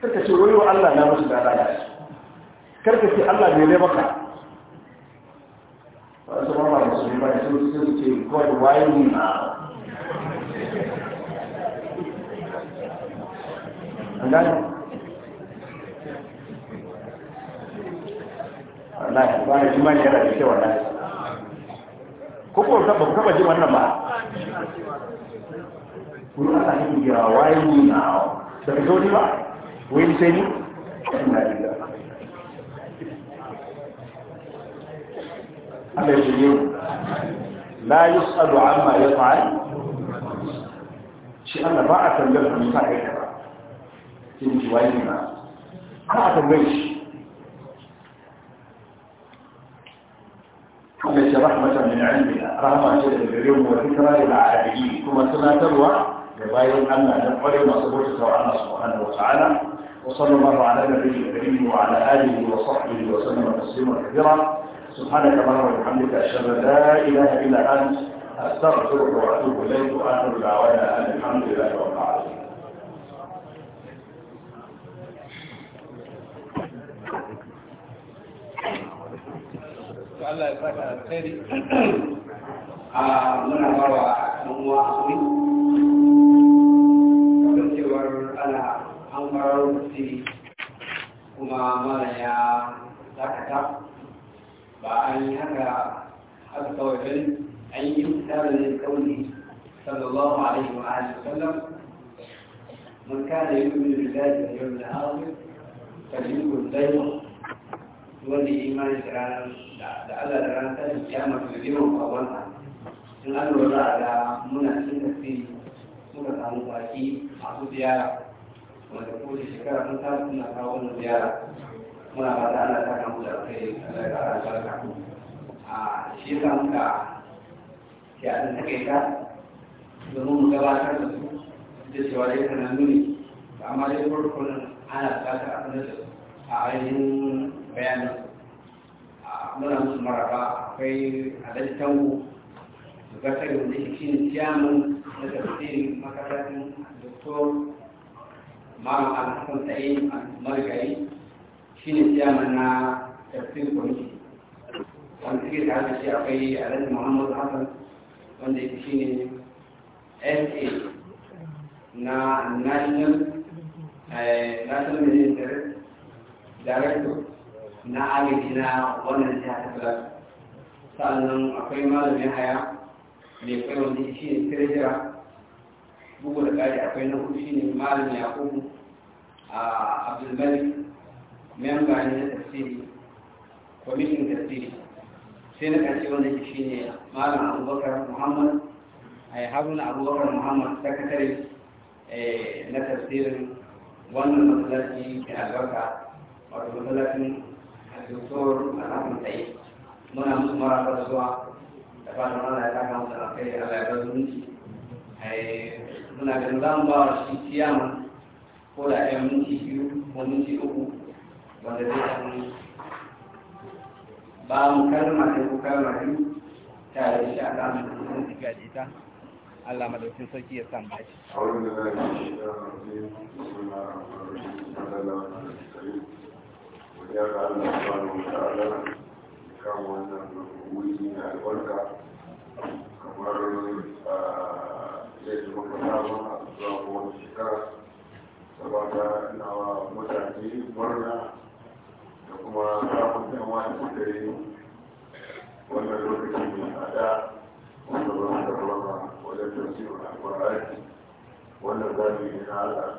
kar ka ce wai wa Allah na musu da Allah kar ka ce Allah ne ne maka wasu ba ma musu ba ne sun sun ce God why me na? an gane wallahi bayan yana da wallahi ko ko ta ji wannan ba kun aka yi ni na. da ba wai sai ni ina da Allah ya yi la yus'alu amma yaf'al shi Allah ba a tambayar da ta ba kin ji na ba a tambayar shi من عندنا رحمة اليوم والفكره للعابدين ثم تروى لغاية أن نقبل ما صبرت الله سبحانه وتعالى وصلى الله على النبي الكريم وعلى آله وصحبه وسلم تسليما كثيرا سبحانك اللهم وبحمدك أشهد أن لا إله إلا أنت أستغفرك وأتوب إليك وآخر دعوانا أن الحمد لله رب Allah ya fata alkhairi a muna ba wa ɗan uwa asiri kasancewar ana an fara rubuci kuma mana ya dakata ba an yi haka haka kawai gani an yi tsarin kauli sallallahu alaihi wa alihi wasallam من كان يؤمن بالله واليوم الآخر فليكن دائما Wani imanin imani da da Allah da ranar tashin kiyama da girman kwakwanta in an lura da muna cikin tafi muka samu baki masu ziyara wanda ko da shekara sun ta suna kawo wannan ziyara muna ba ta Allah ta mu da kai da ya kara barka a shi yasa muka ya a ta kai ta domin mu gabatar da su da cewa dai kana nuni amma dai farko ana buƙatar a sanar da su a ainihin bayanin muna musu maraba akwai alhaji mu. ga sai da shi ne ciyaman na tafsirin makarantar doktor malam alhassan a margari shi ne ciyaman na tafsirin kwanci wanda suke tare da shi akwai alhaji muhammadu hassan wanda shi ne sa na national eh, national minister director na agaji na wannan jiha ta talata sannan akwai malamin haya mai kai wanda shi ne tirajira bugu da kari akwai na hudu shi ne malamin yakubu a abdulmalik memba ne na tafsiri kwamishin tafsiri sai na ƙarshe wanda shi ne malam abubakar muhammad a haruna abubakar muhammad sakatare eh, na tafsirin wannan matsalaci da albarka wato matsalacin doktor Alhamdu Tayi muna musu marasa zuwa da fatan Allah ya kama musu alkai Allah ya bar zumunci muna ganin za mu suna wa shi ciyama ko da ɗaya minti biyu ko minti uku wanda zai san ba mu kalma ne ko kalma biyu tare da shi a kan mutum ga ita Allah madaukin sarki ya san bashi. ya ga Allah subhanahu wa ta'ala kan wannan wuri na albarka kamar a yadda muka samu a zuwa kowace shekara saboda na mutane murna da kuma samun dama da suka yi wannan lokaci mai tsada wanda ba su da wajen tafsirin alkur'ani wannan zaɓi ne na Allah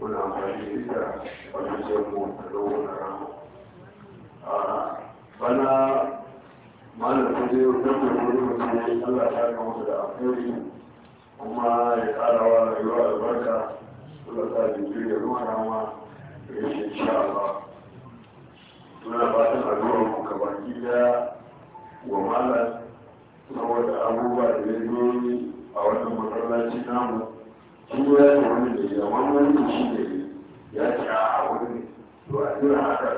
muna amfani da ita wani jirgin da dogon rama a bana malar kuje don da kuri mutum ya allah ta kama da alheri kuma ya kara wa rayuwa albarka allah ta jinjiri da ruwan rama da yake insha allah muna fatan addu'ar ku gabaki daya wa malar saboda abubuwa da ya a wannan masallaci namu shi ko ya ce wani da ya wani wani shi da ya ce a wani to a jira haka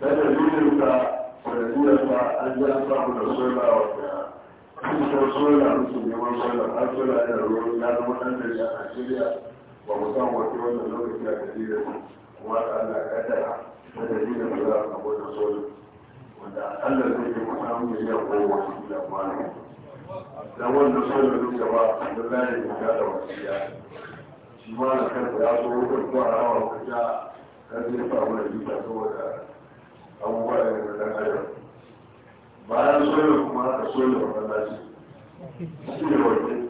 ta da dukkan ka sanadiyar ta an ja samu da sola wata kusa sola musu neman sola har sola da ruwan ya zama ɗan da ya a shirya ba mu san wata wannan lokaci a kadirin kuma ta Allah kadara ta da dukkan ka za a samu da sola wanda Allah zai yi masamu ya yi a kowace da kwanan da wanda sun da duka gaba, da zai da ga da wasiya shi ma na kanta ya zo ko ko a rawa ko ja kan zai fa da duka saboda abubuwa da dan adam bayan soyo kuma ka soyo wannan shi shi ne wani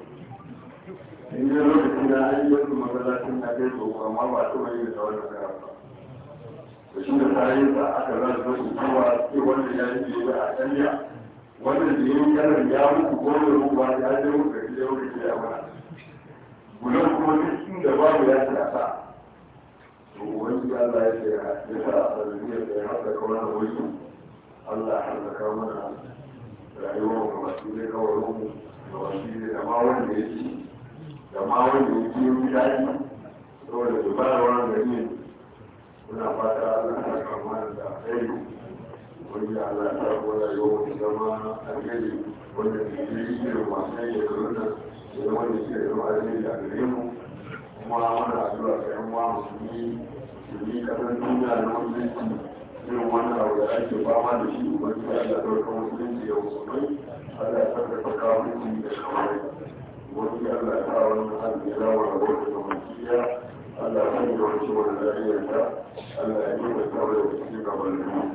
in yi lokaci na an yi wasu na kai tsoko amma ba ta wani da wani gara ba da shi da tarihi ba aka su cewa cikin wanda ya yi a kanya wannan da yin kanan ya muku gole muku ya je muku da yau da ke yawa bulan kuma duk sun da babu ya tsasa to wani ya Allah ya ce ya sa a sanadiyar da ya haɗa kawai da wasu Allah ya haɗa mana rayuwar mu masu ne kawai mu ga wasu ne da ma wanda ya ci da ma wanda ya ci yin daɗi saboda dubarawar gari muna fata Allah ya haɗa kawai mana da alheri واجعل أول يوم زمان أجل والنتيجة kuma wanda a wani yi su yi da ake fama da shi Allah musulunci ya musulmai Allah ya da kawai wani Allah ya kawo wani hali da wata kamanciya Allah ya sanya wani ciwon da ya Allah ya yi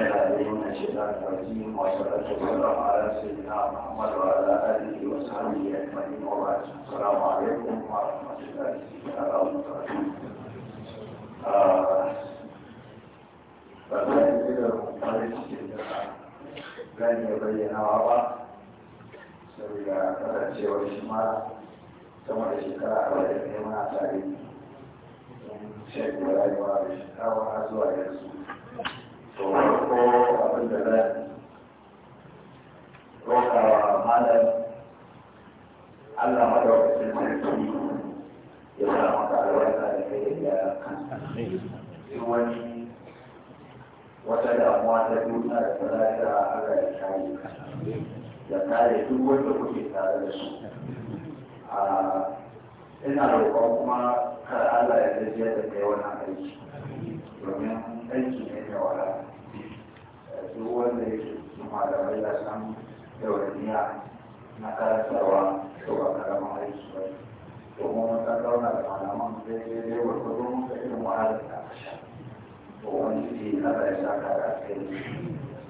الشيطان الرجيم والصلاة والسلام على سيدنا محمد وعلى آله وصحبه أجمعين وبعد السلام عليكم ورحمة الله وبركاته. Bayan zirar mutane cikin jama'a, gani ya bayyana ba, saboda kasancewar shi ma sama da shekara arba'in ne muna tare. Shekaru rayuwa da shekara zuwa yanzu. tsoron ko abin da zai Allah ya sa da kai wani ta ta ya kuke tare da su ina kuma kar Allah ya gajiya da kai aiki domin aiki ne wahala su wanda ya su su malamai ya yawaniya na karantarwa to ba karamin aiki ba mun san zauna da malaman zai zai zai warkwazo mun ka irin da aka sha to wani ji na da ya saka da aka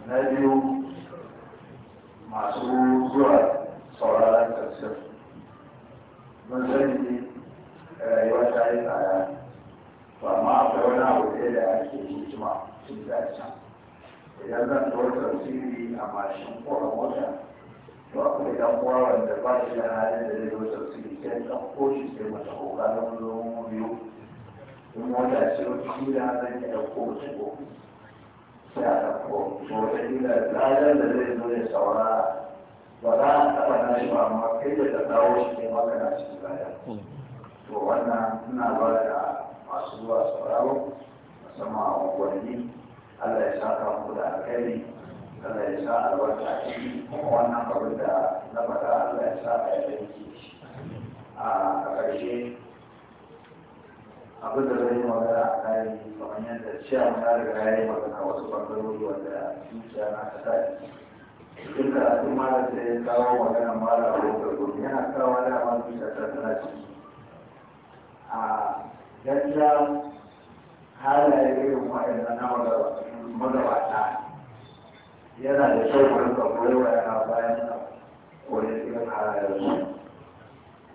na biyu masu zuwa sauraron tafsir mun sani rayuwa ta yi tsada to amma akwai wani abu da ake hikima tun da can idan zan zuwa a mashin ko a mota ba ku da dan uwa wanda ba shi da halin da zai zo tafsiri sai ko shi sai mata kokarin zo mu biyu in mota ce wata kila zan yi ɗauko mutum ko sai a dauko wata kila lalar da zai zo ya ba za a taɓa na shi ba amma kai da ta dawo shi ne maka na ciki baya to wannan ina ba da masu zuwa sauraro musamman a unguwanni Allah ya saka muku da alkhairi Allah ya sa albarka a ciki kuma wannan abin da na faɗa Allah ya sa a yi a ƙarshe abin da zai magana a kai kamar yadda cewa na riga ya yi magana wasu ɓangarori wanda zuciya na ta sa duk karatun malam da ya kawo magana malam abokan gudu yana kawo dama zuciya ta tana ciki a ya halaye irin waɗanda na magana magabata yana da shaukar da koyarwa yana bayan koyar cikin halayensu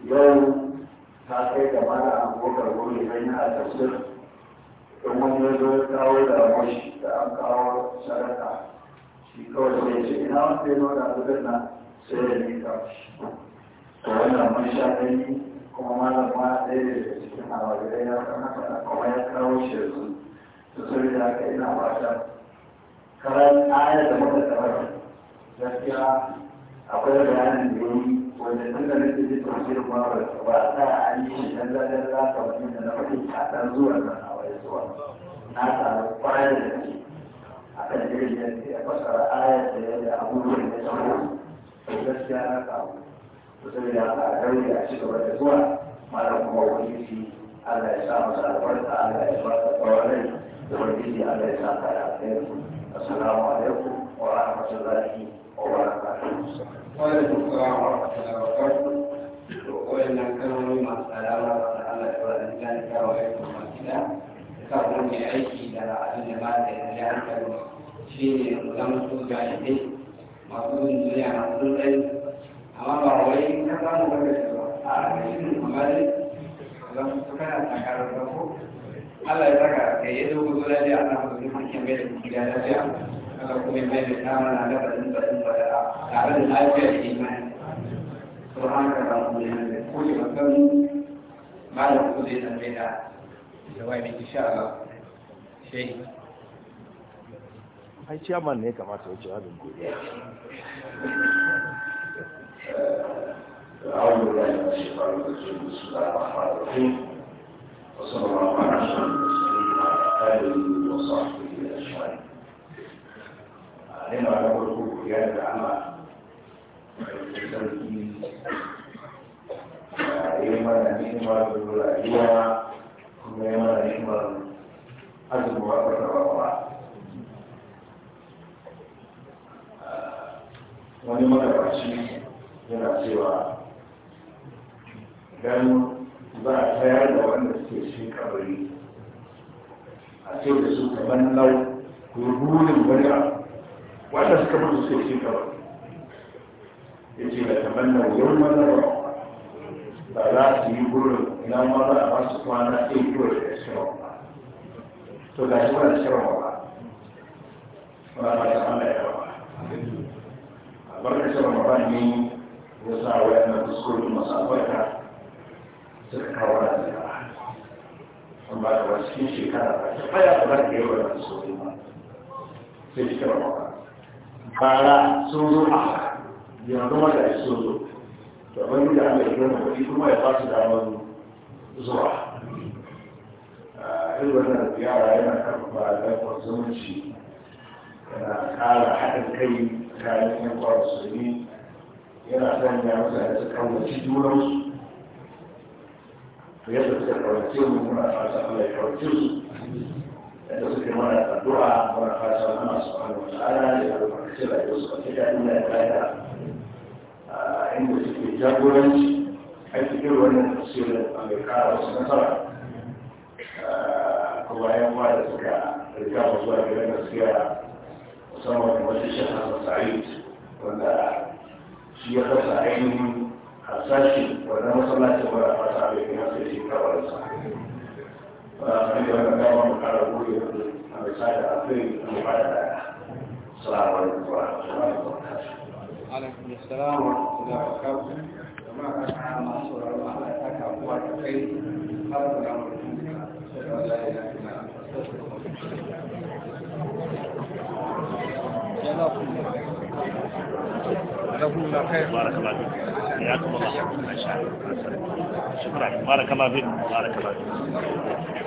yau ta kai da mana an gobe kan mai a tafsir don wani ya zo kawo da mashi da an kawo sadaka shi kawai sai ce ina wanda ya nuna abin na sai ya ta shi to wannan mun sha gani kuma malam ma ɗaya da cikin hawaii ya kama kuma ya kawo shi yanzu su sauri da haka ina wata karan ayar da muka karanta gaskiya akwai bayanin da yi wanda tun da nake ji tafsir ma ba a sa an yi shi dan zagar za ka wani da na faɗi a ɗan zuwa nan a wani zuwa na samu kwayar da ke a kan jirgin yanzu a fasara ayar da yadda abubuwan ya samu gaskiya na samu saboda haka a daure a ci gaba da zuwa malam kuma wani Allah ya sa masa albarka Allah ya ba ta tsawarai ubangiji Allah ya saka ya alheri assalamu alaikum wa rahmatullahi wa barakatuh wa alaikum assalam wa rahmatullahi wa barakatuh wayannan kalmomi masu alama da Allah ya bada gani kawo aikin makida kan wani aiki da abin da ba da ya hankali shi ne zama su jahilai masu yin duniya masu rai amma ba wai na samu ba a cikin kamar zama su kana tsakarar ko Allah ya saka kai ya zo gudu lafiya ana mutum hakin mai da gida lafiya aka kuma mai da kama na da baɗin baɗin baɗa tare da lafiya da imani subhanaka rabbana da kulli makan malam ku zai tambaye da jawabi insha Allah shehi ai ciyaman ne kamata ya ci hadin gobe أعوذ بالله من الشيطان الرجيم بسم الله الرحمن الرحيم وصلى الله على أشرف المرسلين وعلى آله وصحبه أجمعين علينا على وجوه قيادة العمل mana hikimar rayuwa kuma ya mana hikimar azubuwa wata rawa wani magabaci yana cewa idan za a tayar da wanda suke shi kabari a ce da su kamar lau ko burin wani abu wanda suka mutu suke shi kabari ya ce da kamar lau yau mana ba ba za su yi burin ina ma za a ba su kwana ɗaya kuwa da shirin ba to ga shi wani shirin ba ba ba ta Allah ya ba a barkacin ba ne ya sa wayannan kuskure masu albarka suka kawo wannan ziyara sun ba da wasu cikin shekara ba ta faya su ba da yawa da su ne ba sai shi kira ba bara sun zo a haka yanzu mata ya sun zo to abin da Allah ya gina kuɗi kuma ya ba su damar zuwa irin wannan yara yana karfafa alaƙar zumunci yana ƙara haɗin kai tsakanin yan kwarasu ne yana sanya mutane su kawo ci junansu to yadda suka kawace mu muna fata Allah ya kawace su yadda suka mana addu'a muna fata Allah subhanahu wa ta'ala ya albarkace rayuwarsu a cikin Allah ya kaya inda suke jagoranci a cikin wannan tafsirin Allah ya kara wasu nasara kuma yan uwa da suka riga mu zuwa gidan gaskiya musamman wajen shahararsa sa'id wanda shi ya kasa ainihin a sashi wannan masallacin ba a fasa mai kuma sai shi kabarsa ba a kan yawan da mu kara goyi a bai sa da mu ba daya salamu alaikum wa rahmatullahi wa barakatuh alaikum assalam wa rahmatullahi wa barakatuh بارك الله فيك حياكم الله شكرا بارك الله فيك بارك الله فيك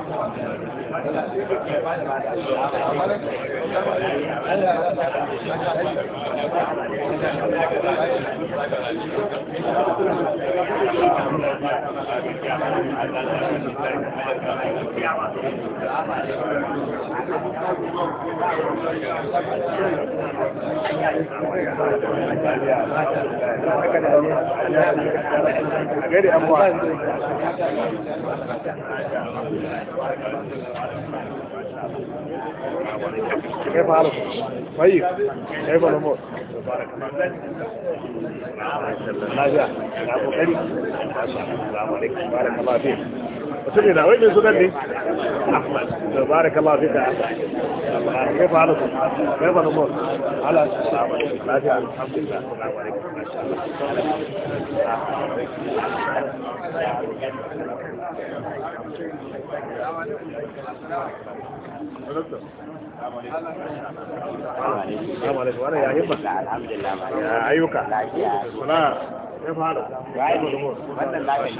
Gari abuwa. كيف حالك؟ طيب كيف الامور؟ بارك الله نجاح ابو كريم السلام عليكم بارك الله فيك mutum da wai mai sunan ne ahmad da baraka Allah fi ka kai fa halasu kai alhamdulillah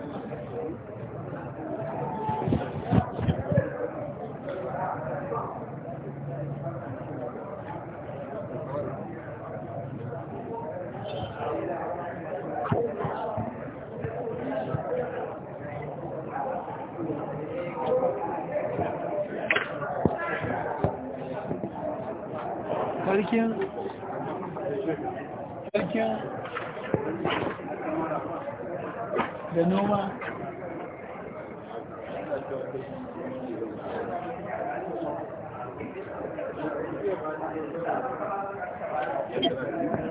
sarkin sarkin da noma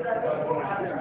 Thank you.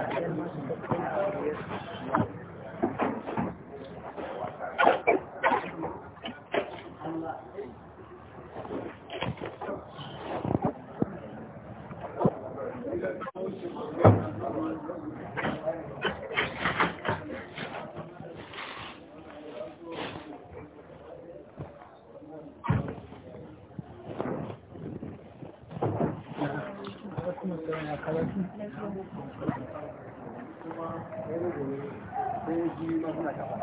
sai ji ma kuna kafa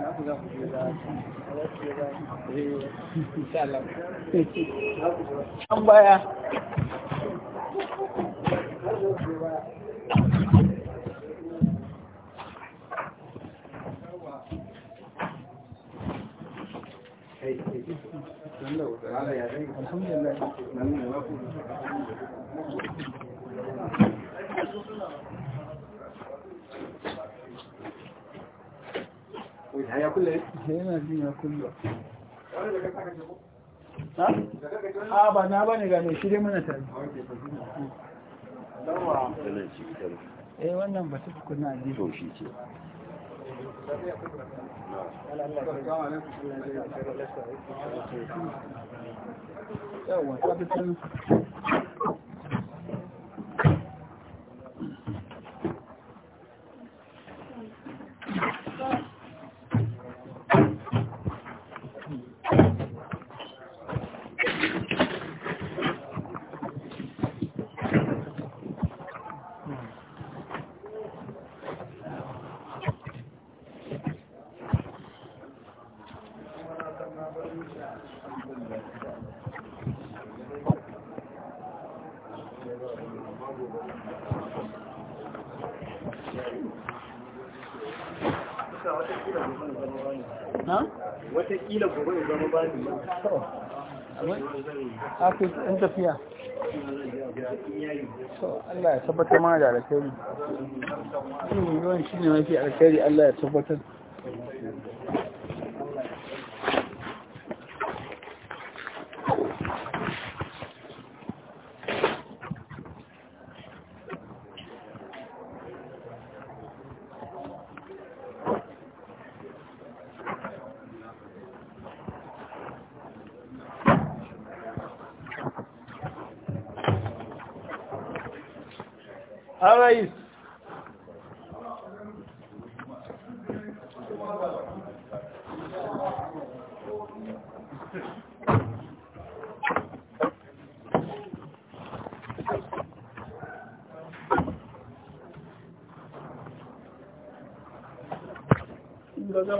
na ku za ku je da insha Allah an baya Alhamdulillah. ya kulle yana jin ya kulle a ah, ba na ba ne ga mai shirya mana tare ah, hmm. eh wannan ba tafi tukuna a jiso shi ce yawon ta watakila gobe ya zama ba ni a fi ɗan tafiya so Allah ya tabbatar ma da alkhairi yawan shi ne mafi alkhairi Allah ya tabbatar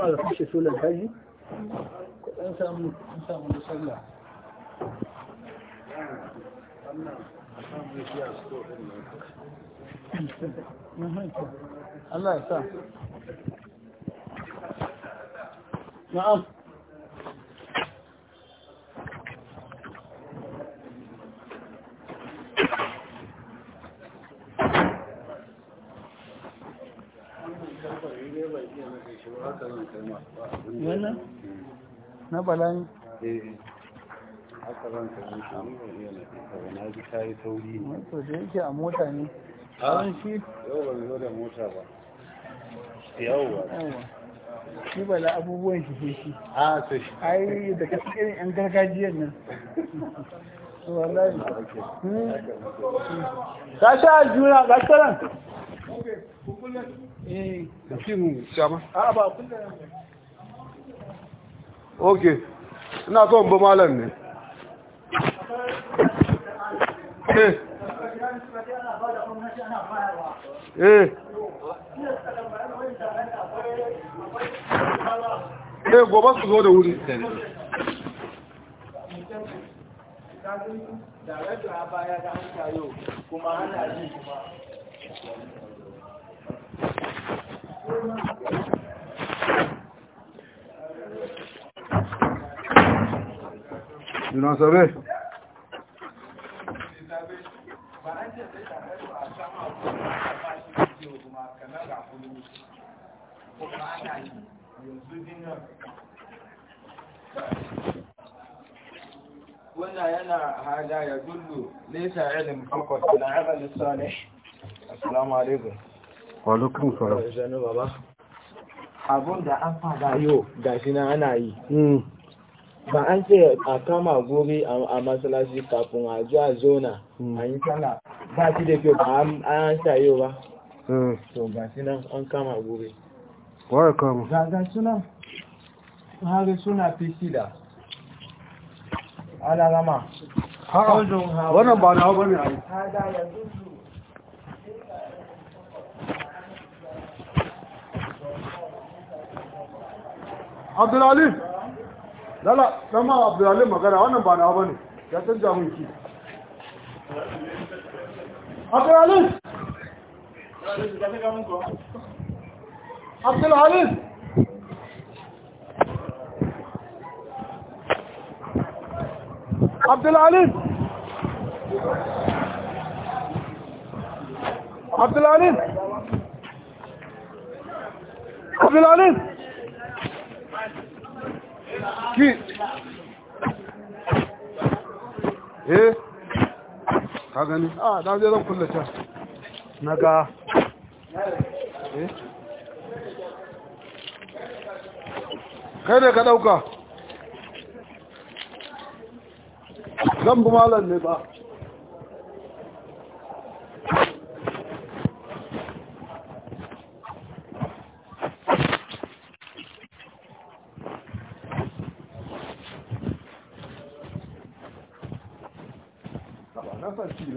هذا يخش سوق الحج انسان انسان مصلى الله نعم wannan na bala ne eh, eh. wato da yake a mota ne ah? shi zo da mota ba shi abubuwan shi ke shi a ah, to shi ai da kasu irin yan gargajiyar nan wallahi hmm. sha juna ga eh ina so in ba malam ne eh eh eh gobe su zo da wuri da rajin a baya da hankali kuma hana ji kuma ìrìnà sọ bẹ́ẹ̀ wannan yana hada ya dullu nesa ilm fakwata na amalin salih assalamu alaikum walukun salam abun da an fada gashi na ana yi hmm. ba an ce a kama gobe a masalaci kafin a hmm. a yi ba shi da ba an sa yau ba hmm. to nan an kama gobe kama ga suna suna wannan ba na hau bane a yi abdulalim lala dama abdulalim magana wannan ba na bane ya canja mun ki abdulalim abdulalim abdulalim abdulalim abdulalim ki eh ka gani ah, a eh? kai ne ka dauka zan bi malam ne ba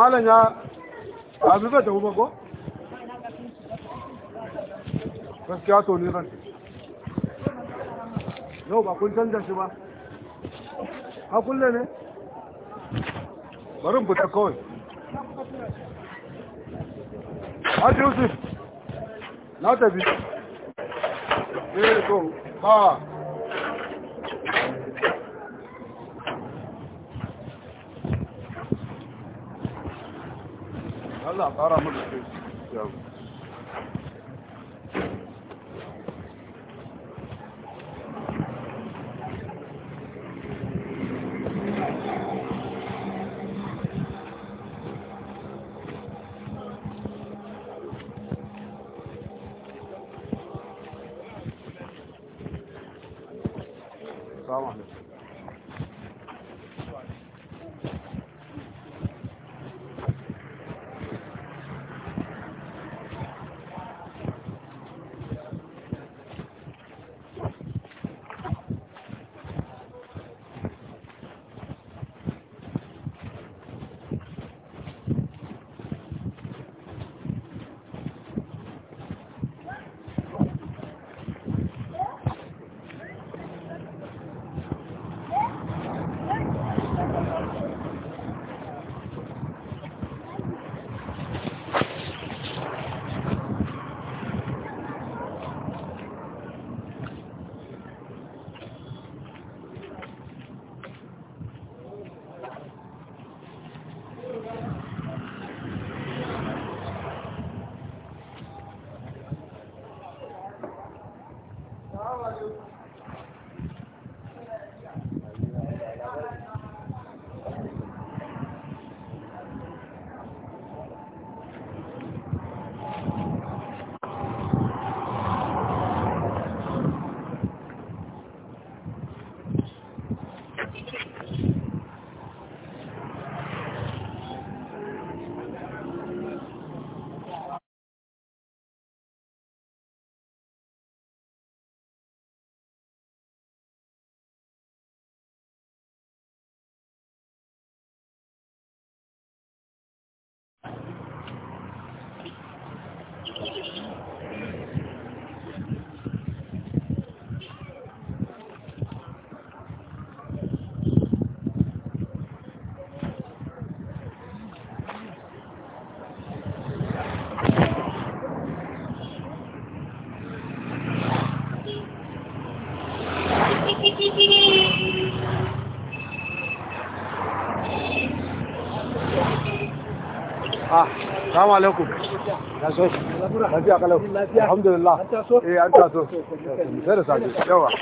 malam ya azu zai tafi ba gaskiya to ne ran yau ba kun canza shi ba ha kulle ne Barin buta kawai hajji yusuf na tafi ne eh, ko ba Allah ƙara mutu salamu alaikum lafiya kalau alhamdulillah eh an taso sai da yawa